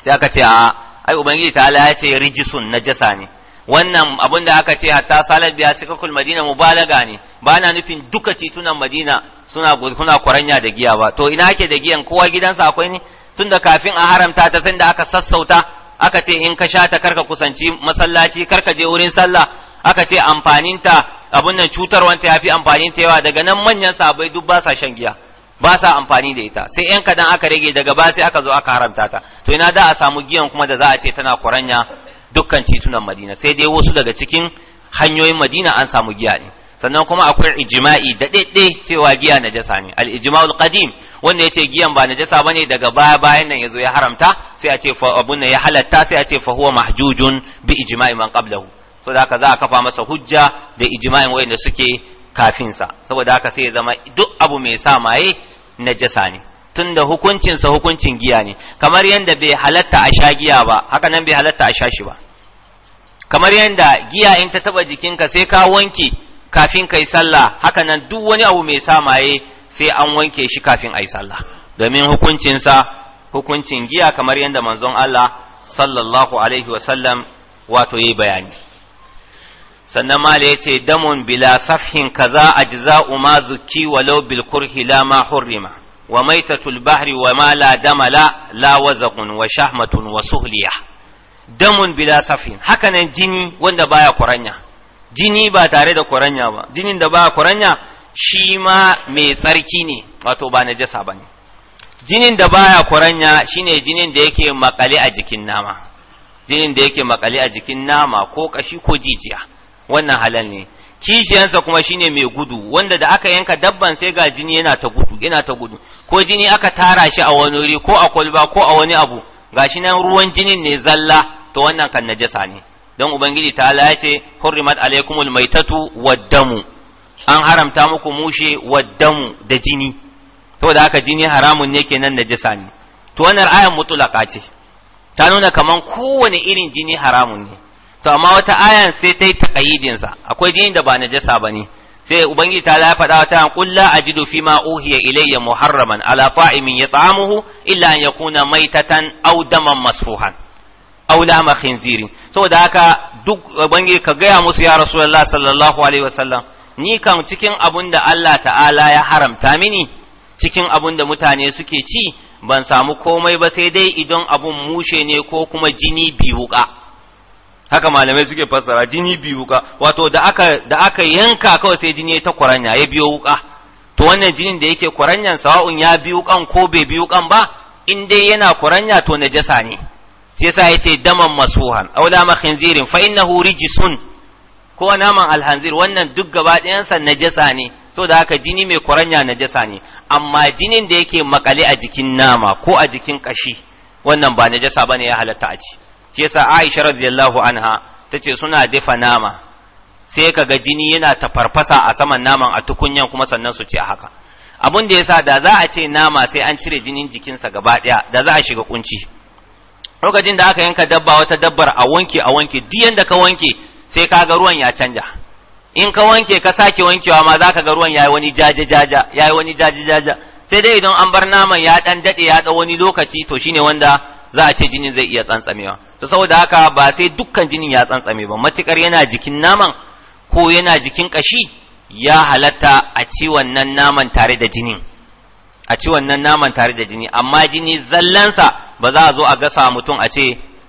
sai aka ce a'a. ai ubangiji ta ya ce rijisun najasa ne wannan abin da aka ce hatta salat biya kul madina mubalaga ne ba na nufin duka titunan madina suna kuna kwaranya da giya ba to ina ake da giyan kowa gidansa akwai ne tunda kafin a haramta ta sanda aka sassauta aka ce in ka shata karka kusanci masallaci karka je wurin sallah aka ce amfaninta abin nan cutarwanta ya fi amfanin ta yawa daga nan manyan sabai duk ba sa shan giya ba sa amfani da ita sai yan kadan aka rage daga ba sai aka zo aka haramta ta to ina da a samu giyan kuma da za a ce tana kwaranya dukkan titunan Madina sai dai wasu daga cikin hanyoyin Madina an samu giya ne sannan kuma akwai ijma'i da daidai cewa giya najasa ne al ijma'ul qadim wanda yace giyan ba najasa bane daga baya bayan nan yazo ya haramta sai a ce fa abun ya halatta sai a ce fa huwa mahjujun bi ijma'i man qablahu so da haka za a kafa masa hujja da ijma'in wayanda suke kafinsa saboda haka sai ya zama duk abu mai sa maye najasa ne tunda hukuncinsa hukuncin giya ne kamar yadda bai halatta a sha giya ba haka nan bai halatta a sha shi ba kamar yadda giya in ta taba jikinka sai ka wanke kafin kai sallah haka nan duk wani abu mai sa maye sai an wanke shi kafin ayi sallah domin hukuncinsa hukuncin giya kamar yadda manzon Allah sallallahu alaihi wasallam wato yayi bayani sannan mala ya ce damun bila safhin kaza a jiza uma zuki walau bil kurhi la ma hurrima wa maitatul bahri wa ma la dama la wazaqun wa shahmatun wa suhliya damun bila safhin hakanan jini wanda baya kuranya jini ba tare da kuranya ba jinin da baya kuranya shi ma mai tsarki ne wato ba na ba ne. jinin da baya kuranya shine jinin da yake makale a jikin nama jinin da yake makale a jikin nama ko kashi ko jijiya wannan halal ne kishiyansa kuma shine mai gudu wanda da aka yanka dabban sai ga jini yana ta gudu yana ta gudu ko jini aka tara shi a wani wuri ko a kwalba ko a wani abu gashi nan ruwan jinin ne zalla to wannan kan najasa ne don ubangiji ta ya ce hurrimat alaikumul maitatu waddamu an haramta muku mushe waddamu da jini to da haka jini haramun ne kenan najasa ne to wannan ayan mutulaka ce ta nuna kaman kowane irin jini haramun ne to amma wata ayan sai ta yi taƙayyidin sa akwai dini da ba najasa bane sai ubangiji ta ya faɗa wata qul la ajidu fi ma uhiya ilayya muharraman ala ta'imin yat'amuhu illa an yakuna maitatan aw daman masfuhan aw ma khinzirin saboda haka duk ubangiji ka gaya musu ya rasulullahi sallallahu alaihi wasallam ni kan cikin abunda da Allah ta'ala ya haramta mini cikin abun da mutane suke ci ban samu komai ba sai dai idan abun mushe ne ko kuma jini bi wuƙa. haka malamai suke fassara jini biyu wuka wato da aka da aka yanka kawai sai jini ta kwaranya ya biyo wuka to wannan jinin da yake kuranyan sawa'un ya biyu kan ko bai biyu kan ba in dai yana kuranya to najasa ne sai yasa yace daman masuhan Aula lama khinzirin fa innahu rijsun ko naman alhanzir wannan duk gaba ɗayansa najasa ne da haka jini mai kwaranya najasa ne amma jinin da yake makale a jikin nama ko a jikin kashi wannan ba najasa bane ya halatta a ci shi yasa Aisha radiyallahu anha tace suna dafa nama sai kaga jini yana tafarfasa a saman naman a tukunyan kuma sannan su ce haka abun da yasa da za a ce nama sai an cire jinin jikinsa gaba ɗaya da za a shiga kunci lokacin da aka yanka dabba wata dabbar a wanke a wanke duk yanda ka wanke sai ka ga ruwan ya canja in ka wanke ka sake wankewa ma za ka ga ruwan ya yi wani jaje jaja ya yi wani jaje jaja sai dai idan an bar naman ya ɗan daɗe ya ɗau wani lokaci to shine wanda za a ce jinin zai iya tsantsamewa to saboda haka ba sai dukkan jinin ya tsantsame ba matukar yana jikin naman ko yana jikin kashi ya halatta a ci wannan naman tare da jinin a ci wannan naman tare da jini amma jini zallansa ba za a zo a gasa mutum a ce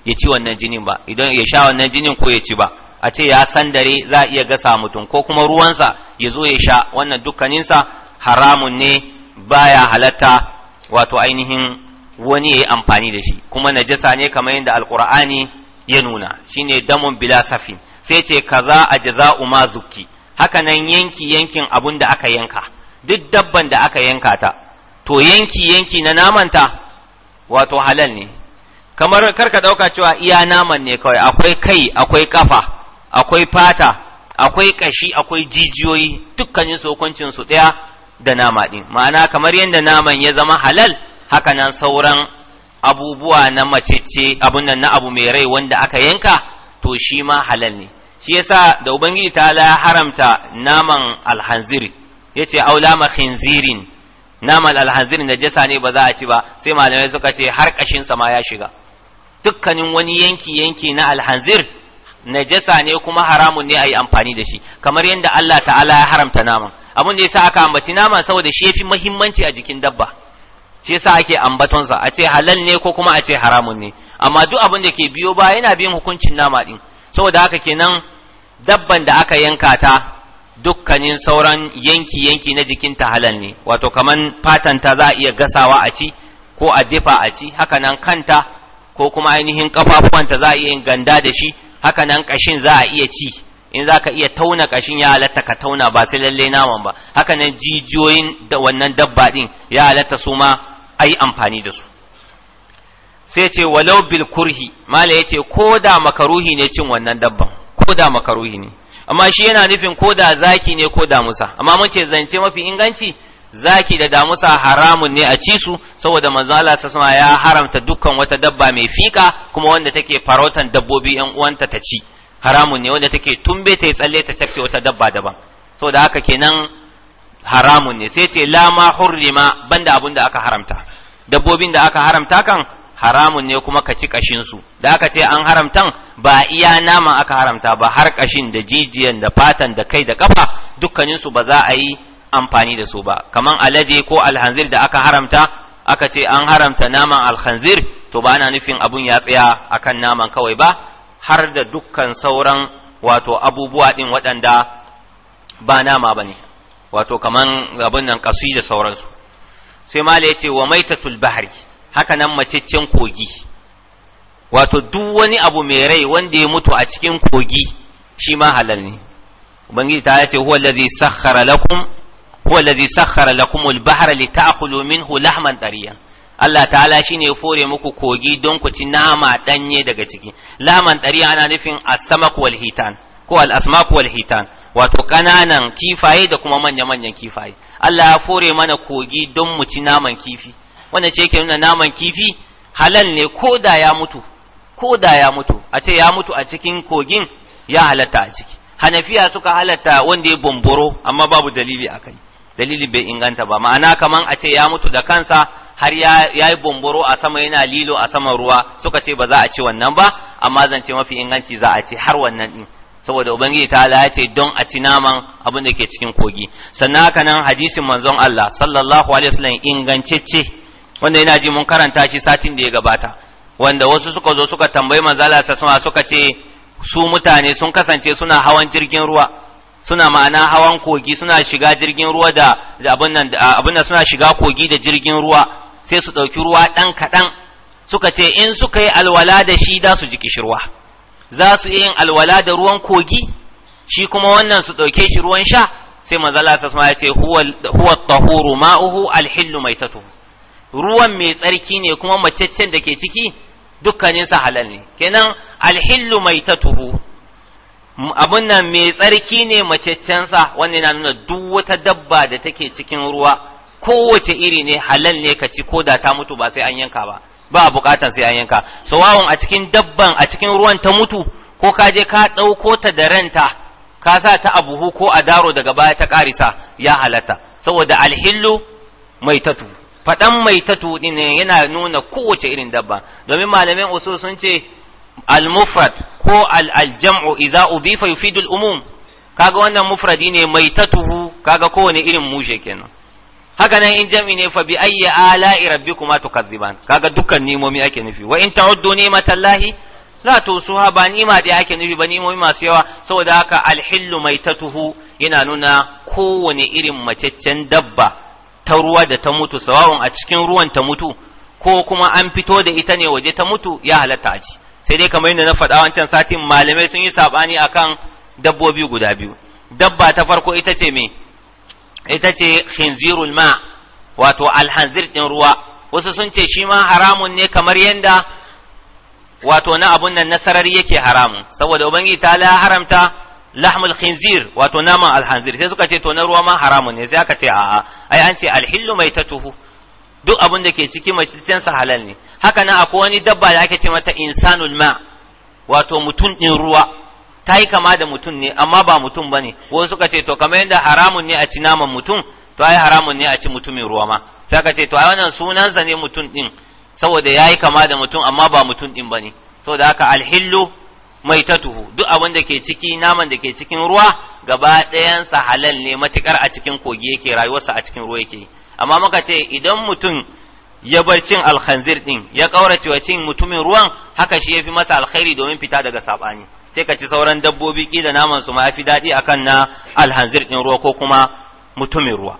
ya ci wannan jinin ba idan ya sha wannan jinin ko ya ci ba a ce ya san dare za a iya gasa mutum ko kuma ruwansa ya zo ya sha wannan dukkaninsa haramun ne baya halatta wato ainihin wani ya yi amfani da shi kuma najasa ne kamar yadda alkur'ani ya nuna shine damun bila safin sai ce kaza ajza'u ma zuki haka nan yanki yankin abun da aka yanka duk dabban da aka yanka ta to yanki yanki na namanta wato halal ne kamar karka ɗauka cewa iya naman ne kawai akwai kai akwai kafa akwai fata akwai ƙashi akwai jijiyoyi dukkanin su hukuncin su daya da nama ɗin ma'ana kamar yadda naman ya zama halal haka nan sauran abubuwa na macece abun nan na abu mai rai wanda aka yanka to shi ma halal ne shi yasa da ubangiji ta la haramta naman alhanziri yace ma khinzirin naman alhanzirin da jasa ne ba za a ci ba sai malamai suka ce har kashin sa ma ya shiga dukkanin wani yanki yanki na alhanzir najasa ne kuma haramun ne a yi amfani da shi kamar yadda Allah ta'ala ya haramta naman abin da yasa aka ambaci naman saboda shi ya fi muhimmanci a jikin dabba shi yasa ake ambatonsa a ce halal ne ko kuma a ce haramun ne amma duk abin da ke biyo ba yana biyan hukuncin nama din saboda haka kenan dabban da aka yanka ta dukkanin sauran yanki yanki na jikin ta halal ne wato kaman ta za a iya gasawa a ci ko a dafa a ci haka nan kanta ko kuma ainihin ta za a iya yin ganda da shi haka nan kashin za a iya ci in za ka iya tauna kashin ya halatta ka tauna ba sai lalle naman ba haka nan jijiyoyin da wannan dabba din ya halatta su ma a yi amfani da su sai ce walau bil kurhi mala ya ce ko da makaruhi ne cin wannan dabban ko da makaruhi ne amma shi yana nufin ko da zaki ne ko damusa amma mun ce zance mafi inganci zaki da damusa haramun ne a ci su saboda manzo Allah ya haramta dukkan wata dabba mai fiƙa kuma wanda take farautan dabbobi yan uwanta ta ci haramun ne wanda take tumbe ta tsalle ta cafke wata dabba daban saboda haka kenan haramun ne sai ce la ma hurrima banda abun da aka haramta dabbobin da aka haramta kan haramun ne kuma ka ci kashin su da aka ce an haramtan ba iya naman aka haramta ba har kashin da jijiyan da fatan da kai da kafa dukkanin su ba za a yi amfani da su ba kaman alade ko alhanzir da aka haramta aka ce an haramta naman alhanzir to ba ana nufin abun ya tsaya akan naman kawai ba har da dukkan sauran wato abubuwa din waɗanda ba nama ba ne wato kaman abin nan kasu da sauransu sai mala ya ce wa maitatul bahri haka nan maciccen kogi wato duk wani abu mai rai wanda ya mutu a cikin kogi shi ma halal ne ubangiji ta ce huwa allazi sakhkhara lakum huwa allazi sakhkhara lakum al-bahra lita'kulu minhu lahman tariyan Allah ta'ala shi ne ya fore muku kogi don ku ci nama ɗanye daga ciki. Laman ɗari ana nufin asamaku wal hitan ko al'asmaku wal hitan wato ƙananan kifaye da kuma manya-manyan kifaye Allah ya fore mana kogi don mu ci naman kifi wannan ce yake nuna naman kifi halal ne ko da ya mutu ko da ya mutu a ce ya mutu a cikin kogin ya halatta a ciki hanafiya suka halatta wanda ya bomboro amma babu dalili a kai dalili bai inganta ba ma'ana kaman a ce ya mutu da kansa har ya yi bomboro a sama yana lilo a saman ruwa suka ce ba za a ci wannan ba amma zance mafi inganci za a ce har wannan din saboda ubangiji ta ya ce don a ci naman abin da ke cikin kogi sannan haka nan hadisin manzon Allah sallallahu alaihi wasallam ingancacce wanda yana ji mun karanta shi satin da ya gabata wanda wasu suka zo suka tambayi manzon Allah suna suka ce su mutane sun kasance suna hawan jirgin ruwa suna ma'ana hawan kogi suna shiga jirgin ruwa da abin nan abin nan suna shiga kogi da jirgin ruwa sai su ɗauki ruwa ɗan kaɗan suka ce in suka yi alwala da shi da su ji kishirwa za su iya yin alwala da ruwan kogi shi kuma wannan su ɗauke shi ruwan sha sai manzala sa ya ce huwa tahuru ma'uhu alhillu maitatu ruwan mai tsarki ne kuma macaccen da ke ciki dukkaninsa halal ne kenan alhillu maitatuhu abun nan mai tsarki ne sa, wanda yana nuna duk wata dabba da take cikin ruwa kowace iri ne halal ne ka ci ko da ta mutu ba sai an yanka ba ba a buƙatar sai an yanka sawawun a cikin dabban a cikin ruwan ta mutu ko ka je ka ɗauko ta da ranta ka sa ta a buhu ko a daro daga baya ta karisa ya halatta saboda alhillu mai tatu faɗan mai tatu ne yana nuna kowace irin dabba domin malamin usu sun ce al-mufrad ko al-jam'u idza udifa yufidu al-umum kaga wannan mufradi ne mai tatuhu kaga kowane irin mushe kenan haka nan in jami ne fa bi ayyi ala'i rabbikuma tukadziban kaga dukkan nimomi ake nufi wa in ta'uddu ni'matallahi la tusuha ba nima da ake nufi ba nimomi masu yawa saboda haka alhillu maitatuhu yana nuna kowane irin macaccen dabba ta ruwa da ta mutu sawawun a cikin ruwan ta mutu ko kuma an fito da ita ne waje ta mutu ya halatta a ci sai dai kamar yadda na faɗa wancan satin malamai sun yi saɓani akan dabbobi guda biyu dabba ta farko ita ce me ita ce khinzirul ma wato alhanzir ɗin ruwa wasu sun ce shi ma haramun ne kamar yadda wato na abun nan nasarari yake haramun saboda ubangiji ta la haramta lahmul khinzir wato naman alhanzir sai suka ce to na ruwa ma haramun ne sai aka ce a'a ai an ce alhillu mai tatuhu duk abun da ke ciki macicin sa halal ne haka nan akwai wani dabba da ake ce mata insanul ma wato mutum ɗin ruwa ta yi kama da mutum ne amma ba mutum ba ne wasu suka ce to kamar yadda haramun ne a ci naman mutum to ai haramun ne a ci mutumin ruwa ma sai ka ce to ai wannan sunansa ne mutum din saboda ya yi kama da mutum amma ba mutum din ba ne saboda haka alhillu mai ta tuhu duk abin da ke ciki naman da ke cikin ruwa gaba ɗayansa halal ne matukar a cikin kogi yake rayuwarsa a cikin ruwa yake amma muka ce idan mutum ya bar cin alhanzir din ya kaurace wa cin mutumin ruwan haka shi ya fi masa alkhairi domin fita daga saɓani. sai ka ci sauran dabbobi kila naman su ma fi daɗi akan na alhanzir ɗin ruwa ko kuma mutumin ruwa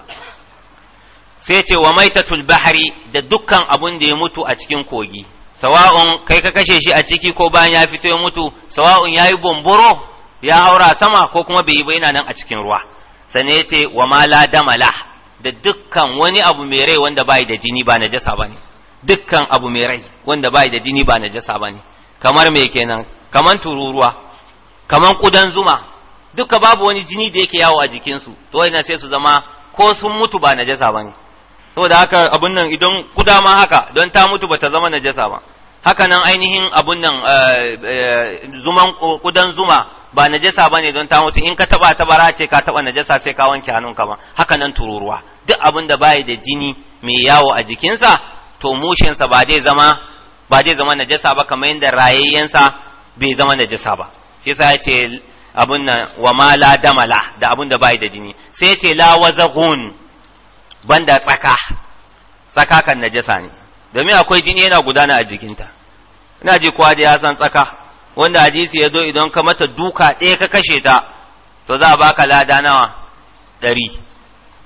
sai ce wa maitatul bahari da dukkan abun da ya mutu a cikin kogi sawa'un kai ka kashe shi a ciki ko bayan ya fito ya mutu sawa'un ya yi bomboro ya aura sama ko kuma bai yi ba yana nan a cikin ruwa sannan ya ce wa mala damala da dukkan wani abu mai rai wanda bai da jini ba najasa ba ne dukkan abu mai rai wanda bai da jini ba najasa ba ne kamar me kenan kamar tururuwa kaman kudan zuma duka babu wani jini da yake yawo a jikinsu to wa'ina sai su zama ko sun mutu ba najasa ba ne saboda haka abun nan idan kuda ma haka don ta mutu ba ta zama najasa ba haka nan ainihin abun nan eh, eh, zuman kudan zuma ba najasa bane don ta mutu in ka taba ta bara ce ka taba najasa sai ka wanke ka ba haka nan tururuwa duk abun da bai da jini mai yawo a jikinsa to mushinsa ba zai zama ba zai zama najasa ba kamar yadda rayayyensa bai zama najasa ba yasa ya ce abun nan wa ma la damala da abun da bai da jini sai ya ce la wazaghun banda tsaka tsaka kan najasa ne domin akwai jini yana gudana a jikinta ina ji kowa da ya san tsaka wanda hadisi ya zo idan ka mata duka ɗaya ka kashe ta to za a baka lada nawa ɗari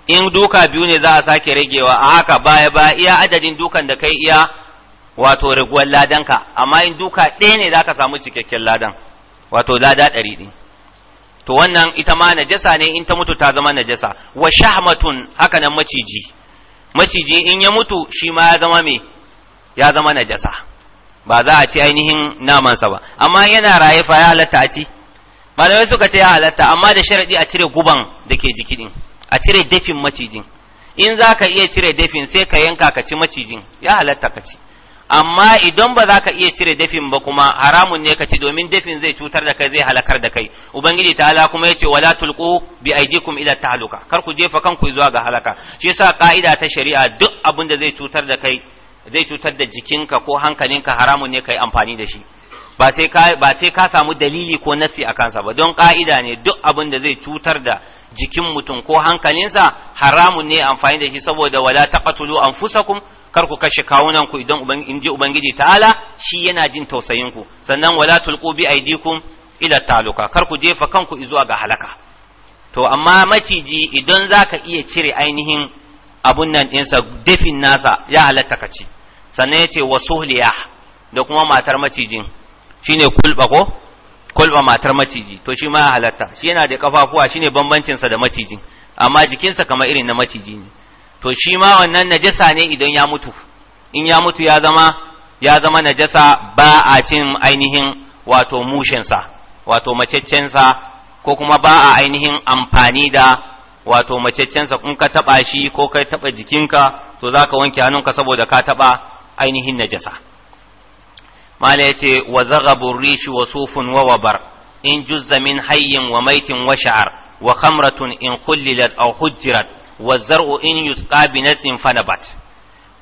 in duka biyu ne za a sake ragewa a haka baya ba iya adadin dukan da kai iya wato raguwar ladanka amma in duka ɗaya ne za ka samu cikakken ladan wato lada ɗari ɗin to wannan ita ma najasa ne in ta mutu ta zama najasa wa shahmatun haka nan maciji maciji in ya mutu shi ma ya zama me ya zama najasa ba za a ci ainihin namansa ba amma yana raye fa ya halatta a ci malamai suka ce ya halatta amma da sharaɗi a cire guban da ke jiki din a cire dafin macijin in za ka iya cire dafin sai ka yanka ka ci macijin ya halatta ka ci amma idan ba za ka iya cire dafin ba kuma haramun ne ka ci domin dafin zai cutar da kai zai halakar da kai ubangiji ala kuma yace wala tulqu bi aidikum ila tahluka kar ku jefa kanku zuwa ga halaka shi yasa ka'ida ta shari'a duk abin da zai cutar da kai zai cutar da jikinka ko hankalinka haramun ne kai amfani da shi ba sai ka samu dalili ko nasi a kansa ba don ka'ida ne duk abin da zai cutar da jikin mutum ko hankalinsa haramun ne amfani da shi saboda wala taqatulu anfusakum kar ku kashe kawunan ku idan ubangiji ubangiji ta'ala shi yana jin tausayin ku sannan wala tulqu bi aidikum ila taluka kar ku jefa kanku zuwa ga halaka to amma maciji idan zaka iya cire ainihin abun nan ɗinsa dafin nasa ya halatta ka ci sannan ya ce wasuhliya da kuma matar macijin shine kulba ko kulba matar maciji to shi ma halatta shi yana da kafafuwa shine bambancinsa da maciji, amma jikinsa kamar irin na maciji ne to shi ma wannan najasa ne idan ya mutu in ya mutu ya zama ya zama najasa ba a cin ainihin wato mushensa wato macaccensa, ko kuma ba a ainihin amfani da wato macaccensa in ka taba shi ko kai taba jikinka to zaka wanke hannunka saboda ka taɓa ainihin najasa mala yace wa zaghabur rish wa sufun wa wabar in juzza min hayyin wa maitin wa sha'ar wa khamratun in kullilat aw hujjirat wa zar'u in yusqa bi nasin fanabat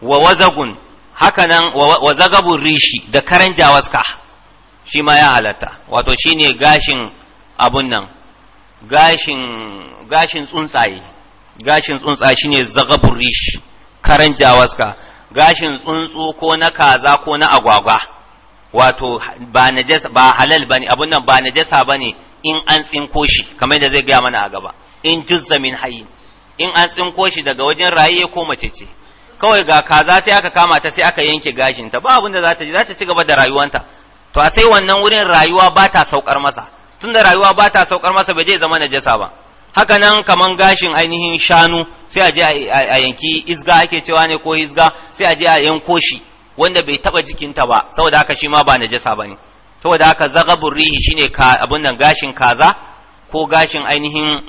wa wazagun hakanan wa zagabun rishi da karan jawaska shi ma ya halatta wato shine gashin abun nan gashin gashin tsuntsaye gashin tsuntsaye shine zagabun rishi karan jawaska gashin tsuntsu ko na kaza ko na agwagwa wato ba najasa ba halal bane abun nan ba najasa bane in an tsinko shi kamar da zai gaya mana a gaba in juzza min hayy in an tsinko shi daga wajen rayiye ko mace ce kawai ga kaza sai aka kama ta sai aka yanke gashin ta ba abin da za ta ji za ta ci gaba da rayuwanta to a sai wannan wurin rayuwa ba ta saukar masa tunda rayuwa ba ta saukar masa bai zai zama najasa ba haka nan kamar gashin ainihin shanu sai a je a yanki isga ake cewa ne ko isga sai a je a yanko shi wanda bai taba jikinta ba saboda haka shi ma ba najasa bane saboda haka zagabur rihi shine ka abun nan gashin kaza ko gashin ainihin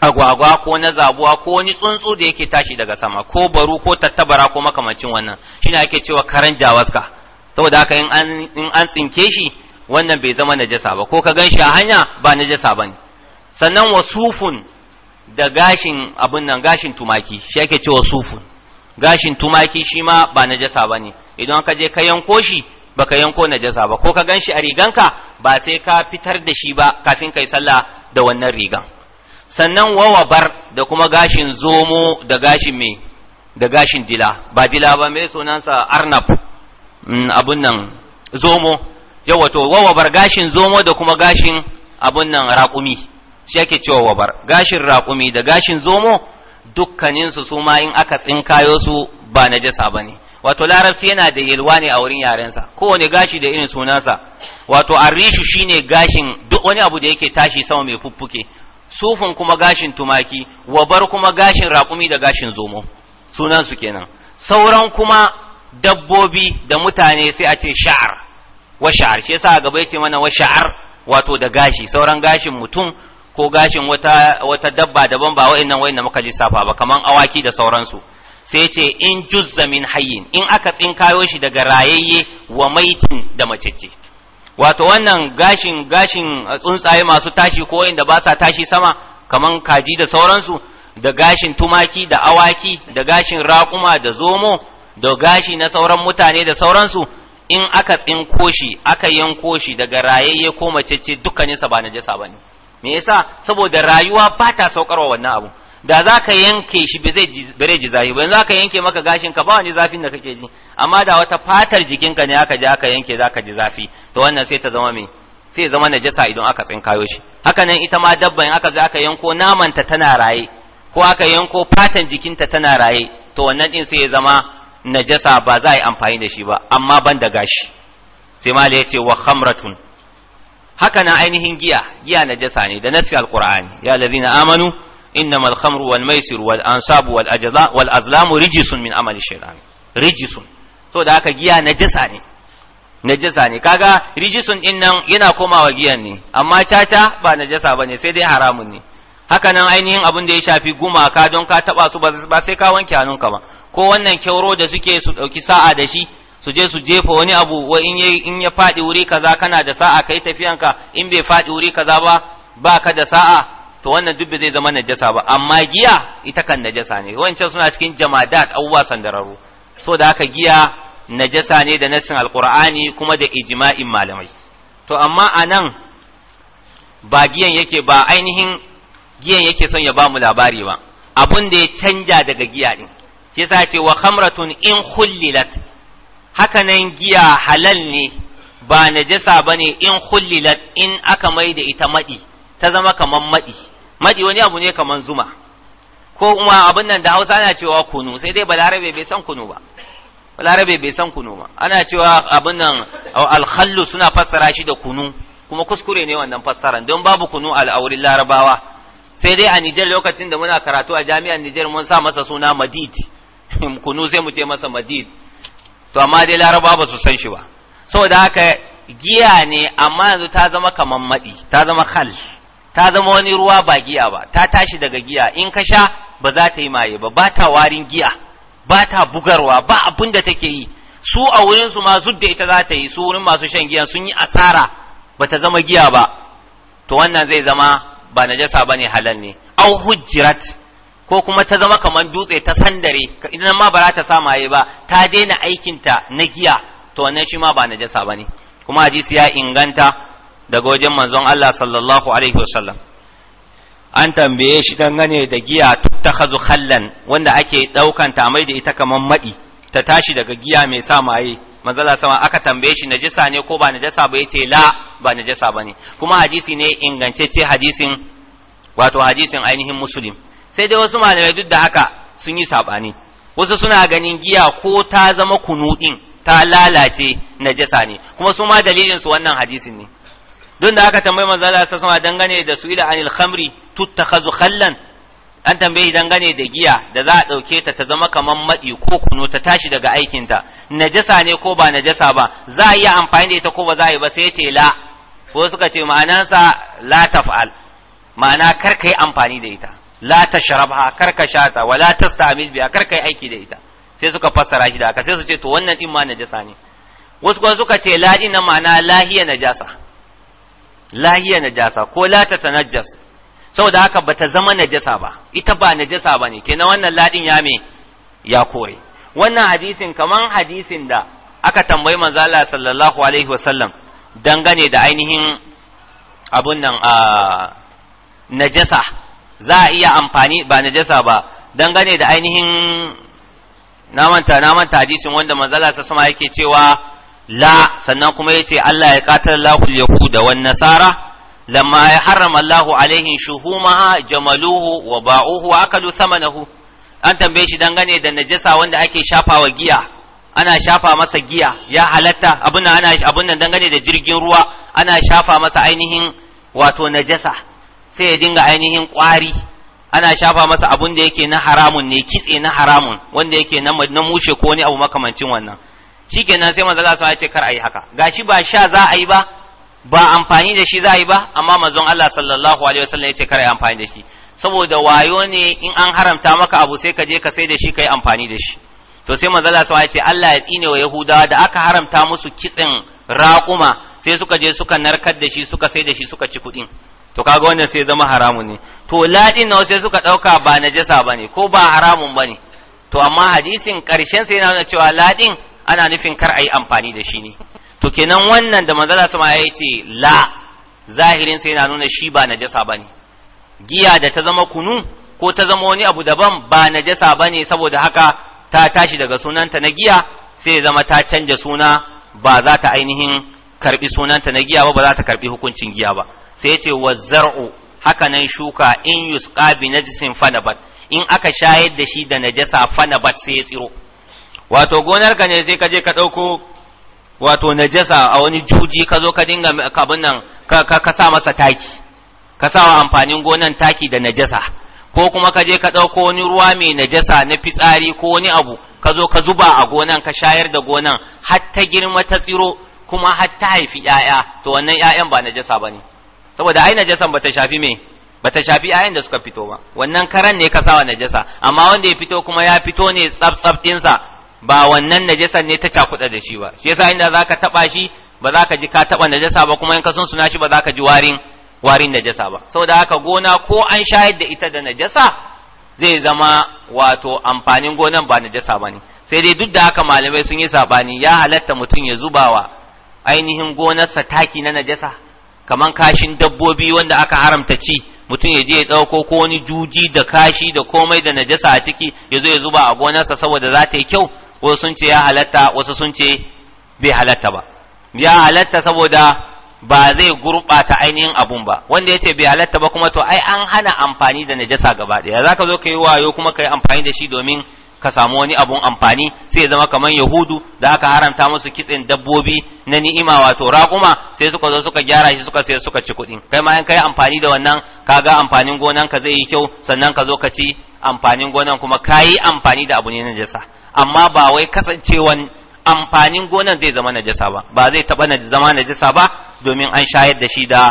agwagwa ko na zabuwa ko wani tsuntsu da yake tashi daga sama ko baru ko tattabara ko makamancin wannan shine ake cewa karan jawaska saboda haka in an in an tsinke shi wannan bai zama najasa ba ko ka gan shi a hanya ba najasa bane sannan wasufun da gashin abun nan gashin tumaki shi ake cewa sufun gashin tumaki shi ma ba najasa ba ne idan ka je ka yanko shi ba ka yanko najasa ba ko ka gan shi a riganka ba sai ka fitar da shi ba kafin ka yi sallah da wannan rigan sannan wawabar da kuma gashin zomo da gashin me da gashin dila ba dila ba mai sunansa arnab mm, abun nan zomo yawa to wawabar gashin zomo da kuma gashin abun nan raƙumi shi ake cewa wabar gashin raƙumi da gashin zomo dukkaninsu su ma in aka tsinkayo su ba na jasa ba ne wato larabci yana da yalwa ne a wurin yarensa kowane gashi da irin sunansa wato arishu shine gashin duk wani abu da yake tashi sama mai fuffuke sufun kuma gashin tumaki wabar kuma gashin raƙumi da gashin zomo sunansu kenan sauran kuma dabbobi da mutane sai a ce sha'ar wa sha'ar shi yasa a gaba yace mana wa sha'ar wato da gashi sauran gashin mutum ko gashin wata wata dabba daban ba wa'annan wa'annan muka lissafa ba kaman awaki da sauransu sai ce in juzza min hayyin in aka tsinkayo shi daga rayayye wa maitin da macece wato wannan gashin gashin uh, tsuntsaye masu tashi ko inda ba sa tashi sama kaman kaji da sauransu da gashin tumaki da awaki da gashin raƙuma da zomo da gashi na sauran mutane da sauransu in aka tsinko shi aka yanko shi daga rayayye ko macece dukkaninsa ba najasa ba ne me yasa saboda rayuwa ba ta saukarwa wannan abu da za ka yanke shi ba bare ji zafi ba za ka yanke maka gashin ka ba wani zafin da kake ji amma da wata fatar jikinka ne aka je aka yanke za ka ji zafi to wannan sai ta zama me sai zama najasa idan aka tsinkayo shi haka nan ita ma dabban aka za ka yanko namanta tana raye ko aka yanko fatan jikinta tana raye to wannan din sai ya zama najasa ba za a yi amfani da shi ba amma ban da gashi sai mala ya ce wa khamratun haka na ainihin giya giya na jasa ne da nasi alqur'ani ya na amanu Inna khamru wal maisir wal ansabu wal wal azlamu rijsun min amali shaytan rijsun to da haka giya na jasa ne na jasa ne kaga rijisun din nan yana komawa giyan ne amma caca ba na najasa bane sai dai haramun ne haka nan ainihin abin da ya shafi gumaka don ka taba su ba sai ka wanke hannunka ba ko wannan kyauro da suke su dauki sa'a da shi su je su jefa wani abu wa in in ya fadi wuri kaza kana da sa'a kai tafiyanka in bai fadi wuri kaza ba baka da sa'a to wannan dubbe zai zama najasa ba amma giya ita kan najasa ne wancan suna cikin jamadat abubuwa sandararu so da haka giya najasa ne da nassin alqur'ani kuma da ijma'in malamai to amma anan ba giyan yake ba ainihin giyan yake son ya ba mu labari ba abun da ya canja daga giya din shi yasa ce wa khamratun in khullilat haka nan giya halal ne ba najasa ba ne in hullilat in aka mai da ita maɗi ta zama kaman maɗi maɗi wani abu ne kaman zuma ko kuma abin nan da hausa ana cewa kunu sai dai balarabe bai san kunu ba balarabe bai san kunu ba ana cewa abin nan alhallu suna fassara shi da kunu kuma kuskure ne wannan fassaran don babu kunu al'aurin larabawa sai dai a nijar lokacin da muna karatu a jami'an nijar mun sa masa suna madid <laughs> kunu sai mu ce masa madid to amma dai laraba ba su san shi ba saboda haka giya ne amma yanzu ta zama kamar maɗi ta zama khal ta zama wani ruwa ba giya ba ta tashi daga giya in ka sha ba za ta yi maye ba ba ta warin giya ba ta bugarwa ba abin da take yi su a wurinsu su ma da ita za ta yi su wurin masu shan giya sun yi asara ba ta zama giya ba to wannan zai zama ba najasa ba ne halal ne au hujjirat ko kuma ta zama kamar dutse ta sandare idan ma ba za ta sa maye ba ta daina aikinta na giya to wannan shi ma ba najasa ba ne kuma hadisi ya inganta daga wajen manzon Allah sallallahu alaihi wasallam an tambaye shi dangane da giya ta khallan wanda ake daukan ta mai da ita kamar madi ta tashi daga giya mai sa maye manzala sama aka tambaye shi najasa ne ko ba najasa ba yace la ba najasa bane kuma hadisi ne ingantacce hadisin wato hadisin ainihin muslim sai dai wasu malamai duk da haka sun yi saɓani wasu suna ganin giya ko ta zama kunu ta lalace na jasa ne kuma su ma dalilin wannan hadisin ne don da aka tambayi manzo Allah sallallahu alaihi dangane da su'ila anil khamri tuttakhazu khallan an tambayi dangane da giya da za a ɗauke ta ta zama kamar maɗi ko kunu ta tashi daga aikinta najasa ne ko ba najasa ba za a iya amfani da ita ko ba za a yi ba sai ce la ko suka ce ma'anansa la taf'al ma'ana kar ka yi amfani da ita la tashrabha kar ka shata wala tastamil biha kar aiki da ita sai suka fassara shi da aka sai su ce to wannan din ma najasa ne wasu kuma suka ce la din ma'ana lahiya najasa lahiya najasa ko la ta tanajjas saboda haka bata zama najasa ba ita ba najasa bane kenan wannan din ya me ya kore wannan hadisin kaman hadisin da aka tambayi manzo Allah sallallahu alaihi wasallam dangane da ainihin abun nan a ah, najasa za a iya amfani ba najasa ba dangane da ainihin namanta namanta hadisin wanda manzala sa sama yake cewa la sannan kuma yace Allah ya lakul lahu yahuda wan nasara lamma ya harrama Allah alaihin shuhumaha jamaluhu wa ba'uhu wa akalu thamanahu an tambaye shi dangane da najasa wanda ake shafawa giya ana shafa masa giya ya halatta abun nan ana abun nan dangane da jirgin ruwa ana shafa masa ainihin wato najasa sai ya dinga ainihin ƙwari ana shafa masa abun da yake na haramun ne kitse na haramun wanda yake na mushe ko wani abu makamancin wannan shikenan sai manzo Allah ya ce kar ayi haka gashi ba sha za a yi ba ba amfani da shi za a yi ba amma manzon Allah sallallahu alaihi wasallam ya ce kar ayi amfani da shi saboda wayo ne in an haramta maka abu sai ka je ka sai da shi kai amfani da shi to sai manzo Allah ya ce Allah ya tsine wa Yahudawa da aka haramta musu kitsen raƙuma sai suka je suka narkar da shi suka sai da shi suka ci kuɗin to kaga wannan sai zama haramun ne to ladin na sai suka ɗauka ba najasa bane ko ba haramun bane to amma hadisin karshen sai yana nuna cewa ladin ana nufin kar a yi amfani da shi ne to kenan wannan da manzala sama ya ce la zahirin sai yana nuna shi ba najasa bane giya da ta zama kunu ko ta zama wani abu daban ba najasa bane saboda haka ta tashi daga sunanta na giya sai zama ta canja suna ba za ta ainihin karbi sunanta na giya ba ba za ta karbi hukuncin giya ba sai ce wa zar'u haka nan shuka in yusqa bi najsin fanabat in aka shayar da shi da najasa fanabat sai ya tsiro wato gonar ka ne sai ka je ka dauko wato najasa a wani juji ka zo ka dinga kabin nan ka sa masa taki ka sa wa amfanin gonan taki da najasa ko kuma ka je ka dauko wani ruwa mai najasa na fitsari ko wani abu ka zo ka zuba a gonan ka shayar da gonan har ta girma ta tsiro kuma har ta haifi ‘ya'ya to wannan ‘ya'yan ba najasa ba ne saboda ai najasan bata shafi me bata shafi ayin da suka fito ba wannan karan ne ka najasa amma wanda ya fito kuma ya fito ne tsaf tsaf ba wannan najasan ne ta cakuɗa da shi ba shi yasa inda zaka taba shi ba za ka ji ka taba najasa ba kuma in ka sun suna shi ba za ka ji warin warin najasa ba saboda haka gona ko an shayar da ita da najasa zai zama wato amfanin gonan ba najasa ne sai dai duk da haka malamai sun yi sabani ya halatta mutum ya zubawa ainihin gonarsa taki na najasa kaman kashin dabbobi wanda aka haramta ci mutum ya je ya ɗauko ko wani juji da kashi da komai da najasa a ciki ya zo ya zuba a gonarsa saboda za ta yi kyau wasu sun ce ya halatta wasu sun ce bai halatta ba ya halatta saboda ba zai gurɓata ainihin abun ba wanda ya ce bai halatta ba kuma to ai an hana amfani da najasa gaba ɗaya za ka zo ka yi wayo kuma ka yi amfani da shi domin ka samu wani abun amfani sai ya zama kamar yahudu da aka haramta musu kitsin dabbobi na ni'ima wato raƙuma sai suka zo suka gyara shi suka sai suka ci kuɗi kai ma in kai amfani da wannan ka ga amfanin gonan ka zai yi kyau sannan ka zo ka ci amfanin gonan kuma kayi amfani da abu ne na jasa amma ba wai kasancewan amfanin gonan zai zama najasa ba ba zai taɓa zama najasa ba domin an shayar da shi da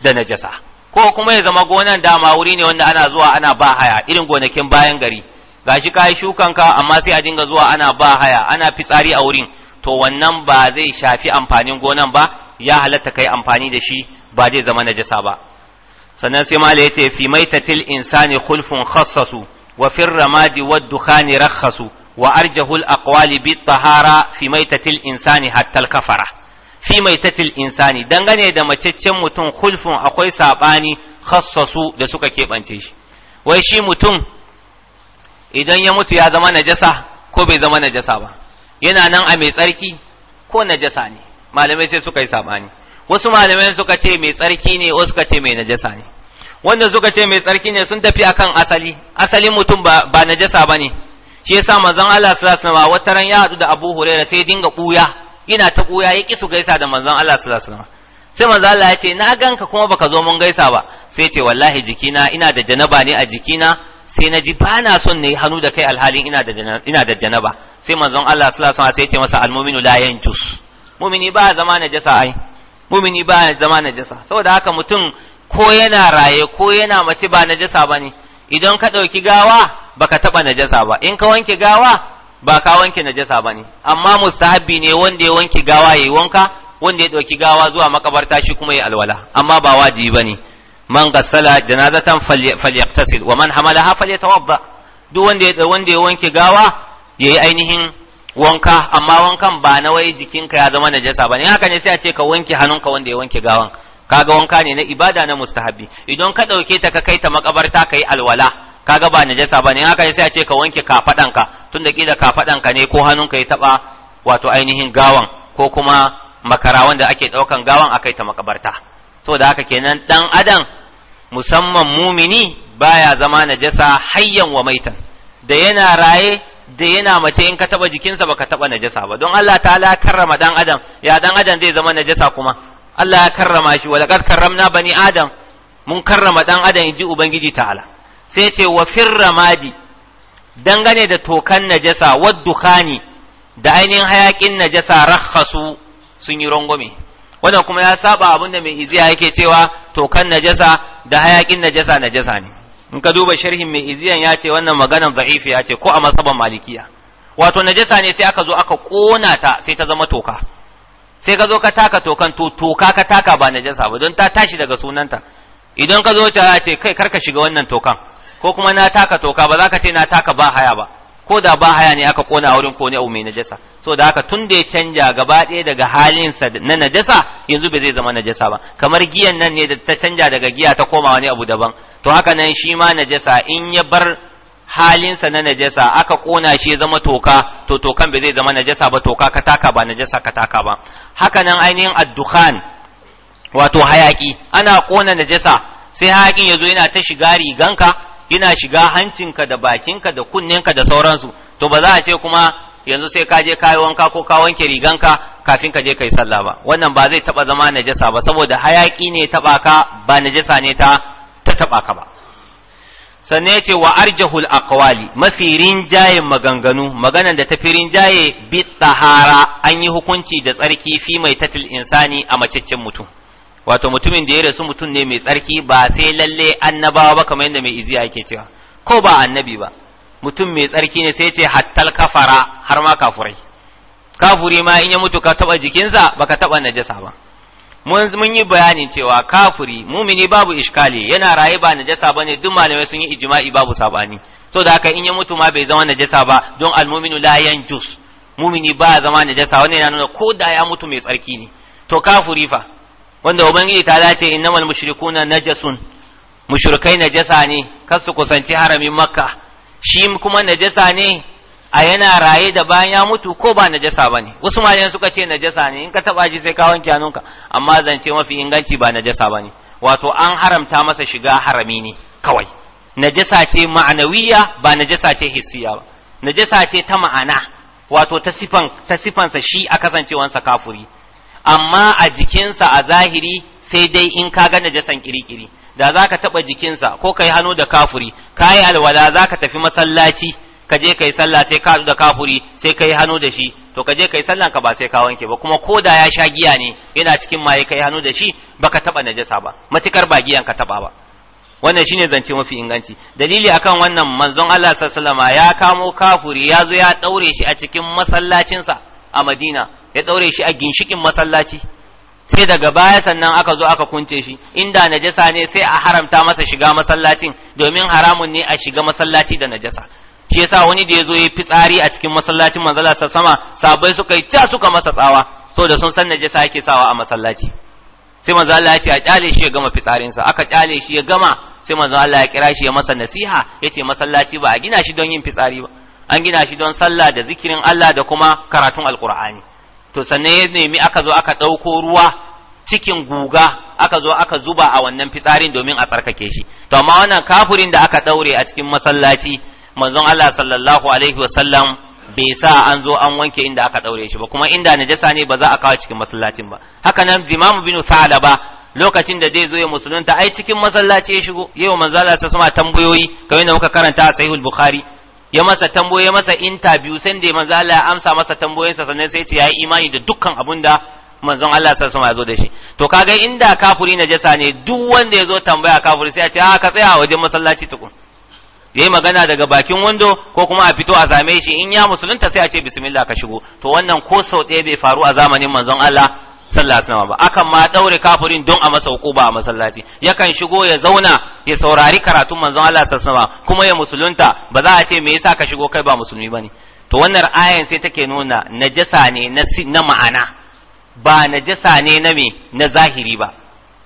da najasa ko kuma ya zama gonan dama wuri ne wanda ana zuwa ana ba haya irin gonakin bayan gari gashi kai shukan ka amma sai a dinga zuwa ana ba haya ana fitsari a wurin to wannan ba zai shafi amfanin gonan ba ya halatta kai amfani da shi ba zai zama najasa ba sannan sai mala yace fi maitatil insani khulfun khassasu wa fir ramadi wad dukhani rakhasu wa arjahul aqwali bit tahara fi maitatil insani hatta al kafara fi maitatil insani dangane da macaccen mutum khulfun akwai sabani khassasu da suka keɓance shi wai shi mutum idan ya mutu ya zama najasa ko bai zama najasa ba yana nan a mai tsarki ko najasa ne malamai sai suka yi sabani wasu malamai suka ce mai tsarki ne wasu suka ce mai najasa ne wanda suka ce mai tsarki ne sun tafi akan asali asalin mutum ba ba najasa bane shi yasa manzon Allah sallallahu alaihi wasallam ran ya hadu da Abu Huraira sai dinga kuya ina ta kuya ya kisu gaisa da manzon Allah sallallahu alaihi wasallam sai manzon Allah ya ce na ganka kuma baka zo mun gaisa ba sai ce wallahi jikina ina da janaba ne a jikina sai na ji ba na son na yi hannu da kai alhalin ina da janaba sai manzon Allah sallallahu alaihi sai ya ce masa almuminu la yanjus mumini ba zama na jasa ai mumini ba zama na jasa saboda haka mutum ko yana raye ko yana mace ba na najasa bane idan ka ɗauki gawa baka taɓa jasa ba in ka wanke gawa ba ka wanke na ba bane amma mustahabbi ne wanda ya wanke gawa yayi wanka wanda ya ɗauki gawa zuwa makabarta shi kuma ya alwala amma ba wajibi bane man ghassala janazatan falyaktasil wa man hamalaha falyatawadda duk wanda wanda ya wanke gawa yayi ainihin wanka amma wankan ba na wai jikinka ya zama najasa bane haka ne sai a ce ka wanke hannunka wanda ya wanke gawan kaga wanka ne na ibada na mustahabi idan ka dauke ta ka kai ta makabarta kai alwala kaga ba najasa bane haka ne sai a ce ka wanke kafadanka tunda kila kafadanka ne ko hannunka ya taba wato ainihin gawan ko kuma makara wanda ake daukan gawan akai ta makabarta so da haka kenan dan adam musamman mumini baya zama najasa hayyan wa maitan da yana raye da yana mace in ka taba jikinsa baka taba najasa ba don Allah ta'ala ya karrama dan adam ya dan adam zai zama najasa kuma Allah ya karrama shi wa laqad karramna bani adam mun karrama dan adam inji ubangiji ta'ala sai ce wa firramadi dangane da tokan najasa wa dukhani da ainihin hayakin najasa rakhasu sun yi rangwame wannan kuma ya saba abin da mai iziya yake cewa tokan najasa da hayakin najasa najasa ne in ka duba sharhin mai iziyan ya ce wannan maganan za'ifi ya ce ko a masaban malikiya wato najasa ne sai aka zo aka kona ta sai ta zama toka sai ka zo ka taka tokan to toka ka taka ba najasa ba don ta tashi daga sunanta idan ka zo ta ce kai karka shiga wannan tokan ko kuma na taka toka ba za ka ce na taka ba haya ba ko da ba haya ne aka kona a wurin ko ne abu mai najasa so da haka tun da ya canja gaba ɗaya daga halinsa na najasa yanzu bai zai zama najasa ba kamar giyan nan ne da ta canja daga giya ta koma wani abu daban to haka nan shi ma najasa in ya bar halinsa na najasa aka kona shi ya zama toka to tokan bai zai zama najasa ba toka ka taka ba najasa ka taka ba haka nan ainihin addukhan wato hayaki ana kona najasa sai hayakin yazo yana ta shiga riganka ina shiga hancinka da bakinka da kunnenka da sauransu to ba za a ce kuma yanzu sai ka je ka wanka ko ka wanke riganka kafin ka je ka yi sallah ba wannan ba zai taba zama najasa ba saboda hayaki ne taba ka ba najasa ne ta ta taba ka ba sannan ce wa arjahul aqwali mafi rinjaye maganganu maganan da tafi rinjaye bi tahara an yi hukunci da tsarki fi mai tatil insani a macaccen mutum wato mutumin da ya rasu mutum ne mai tsarki ba sai lalle annabawa ba kamar yadda mai iziya yake cewa ko ba annabi ba mutum mai tsarki ne sai ce hattal kafara har ma kafurai kafuri ma in ya mutu ka taba jikinsa baka taba najasa ba mun yi bayani cewa kafuri mumini babu iskali yana raye ba najasa bane duk malamai sun yi ijma'i babu sabani so da haka in ya mutu ma bai zama najasa ba don almuminu la yanjus mumini ba zama najasa wannan yana nuna ko da ya mutu mai tsarki ne to kafuri fa wanda ubangiji ta dace wal mushrikuna najasun mushrikai najasa ne kar su kusanci haramin makka shi kuma najasa ne a yana raye da bayan ya mutu ko ba najasa bane wasu malaman suka ce najasa ne in ka taba ji sai ka wanke hannunka amma zance mafi inganci ba najasa bane wato an haramta masa shiga harami ne kawai najasa ce ma'anawiya ba najasa ce hissiya ba najasa ce ta ma'ana wato ta sifan ta sifansa shi a kasancewansa kafuri amma a jikinsa a zahiri sai dai in ka ga najasan kirikiri da za ka taɓa jikinsa ko ka yi hannu da kafuri ka yi alwala za ka tafi masallaci ka je ka yi sallah sai ka da kafuri sai ka yi hannu da shi to ka je ka yi sallah ka ba sai ka wanke ba kuma ko da ya sha giya ne yana cikin maye ka yi hannu da shi ba ka taɓa najasa ba matukar ba giyan ka taɓa ba wannan shine zance mafi inganci dalili akan wannan manzon Allah sallallahu ya kamo kafuri ya zo ya daure shi a cikin masallacinsa a Madina ya ɗaure shi a ginshikin masallaci sai daga baya sannan aka zo aka kunce shi inda najasa ne sai a haramta masa shiga masallacin domin haramun ne a shiga masallaci da najasa shi yasa wani da ya zo ya fitsari a cikin masallacin manzala sa sama sabai suka yi ca suka masa tsawa so da sun san najasa yake sawa a masallaci sai manzo Allah ya ce a kyale shi ya gama fitsarinsa aka kyale shi ya gama sai manzo Allah ya kira shi ya masa nasiha ya ce masallaci ba a gina shi don yin fitsari ba an gina shi don sallah da zikirin Allah da kuma karatun alkur'ani to sannan ya nemi aka zo aka ɗauko ruwa cikin guga aka zo aka zuba a wannan fitsarin domin a tsarkake shi to amma wannan kafurin da aka ɗaure a cikin masallaci manzon Allah sallallahu alaihi wasallam bai sa an zo an wanke inda aka ɗaure shi ba kuma inda najasa ne ba za a kawo cikin masallacin ba haka nan Imam bin Salaba lokacin da zai zo ya musulunta ai cikin masallaci ya shigo yau manzon Allah tambayoyi kamar yadda muka karanta a Sahihul Bukhari ya masa tambo ya masa interview sai da manzo Allah ya amsa masa tambayoyinsa sannan sai ya ce yayi imani da dukkan abun da manzon Allah sallallahu alaihi wasallam ya zo da shi to kaga inda na jasa ne duk wanda ya zo tambaya kafiri sai ya ce a ah, ka tsaya a wajen masallaci tukun yayi magana daga bakin wando ko kuma a fito a same shi in ya musulunta sai a ce bismillah ka shigo to wannan ko sau ɗaya bai faru a zamanin manzon Allah sallallahu alaihi ba akan ma daure kafirin don a masa hukuba a masallaci yakan shigo ya zauna ya saurari karatun manzon Allah sallallahu alaihi kuma ya musulunta ba za a ce me yasa ka shigo kai ba musulmi bane to wannan ayan sai take nuna najasa ne na na ma'ana ba najasa ne na me na zahiri ba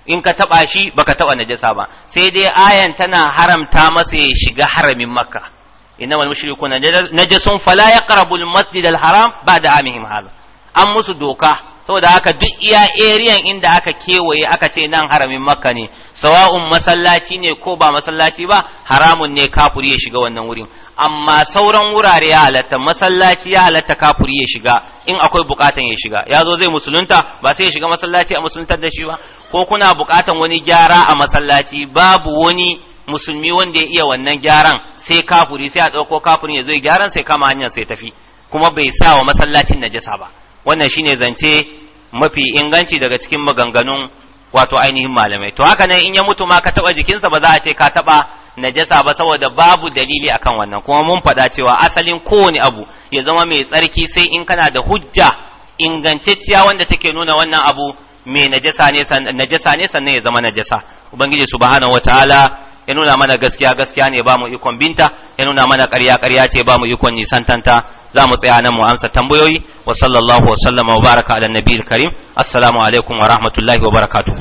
in ka taba shi baka taba najasa ba sai dai ayan tana haramta masa ya shiga haramin makka innamal mushrikuna najasun fala yaqrabul masjidal haram da amihim hada an musu doka saboda haka duk iya eriyan inda aka kewaye aka ce nan haramin makka ne sawa'un masallaci ne ko ba masallaci ba haramun ne kafuri ya shiga wannan wurin amma sauran wurare ya halatta masallaci ya halatta kafuri ya shiga in akwai bukatan ya shiga ya zo zai musulunta ba sai ya shiga masallaci a musuluntar da shi ba ko kuna bukatan wani gyara a masallaci babu wani musulmi wanda ya iya wannan gyaran sai kafuri sai a ɗauko kafuri ya zo gyaran sai kama hanyar sai tafi kuma bai sa wa masallacin najasa ba wannan shi ne zance mafi inganci daga cikin maganganun wato ainihin malamai to haka nan in ya mutu ma ka taɓa jikinsa ba za a ce ka taba najasa ba saboda babu dalili akan wannan kuma mun faɗa cewa asalin kowane abu ya zama mai tsarki sai in kana da hujja ingantacciya wanda take nuna wannan abu mai najasa ne ne sannan ya zama najasa ubangiji subhanahu wataala ya nuna mana gaskiya gaskiya ne ba mu ikon binta ya nuna mana karya karya ce ba mu ikon nisantanta za mu tsaya nan mu amsa tambayoyi wa sallallahu wa sallama wa baraka ala nabiyil karim assalamu alaikum wa rahmatullahi wa barakatuh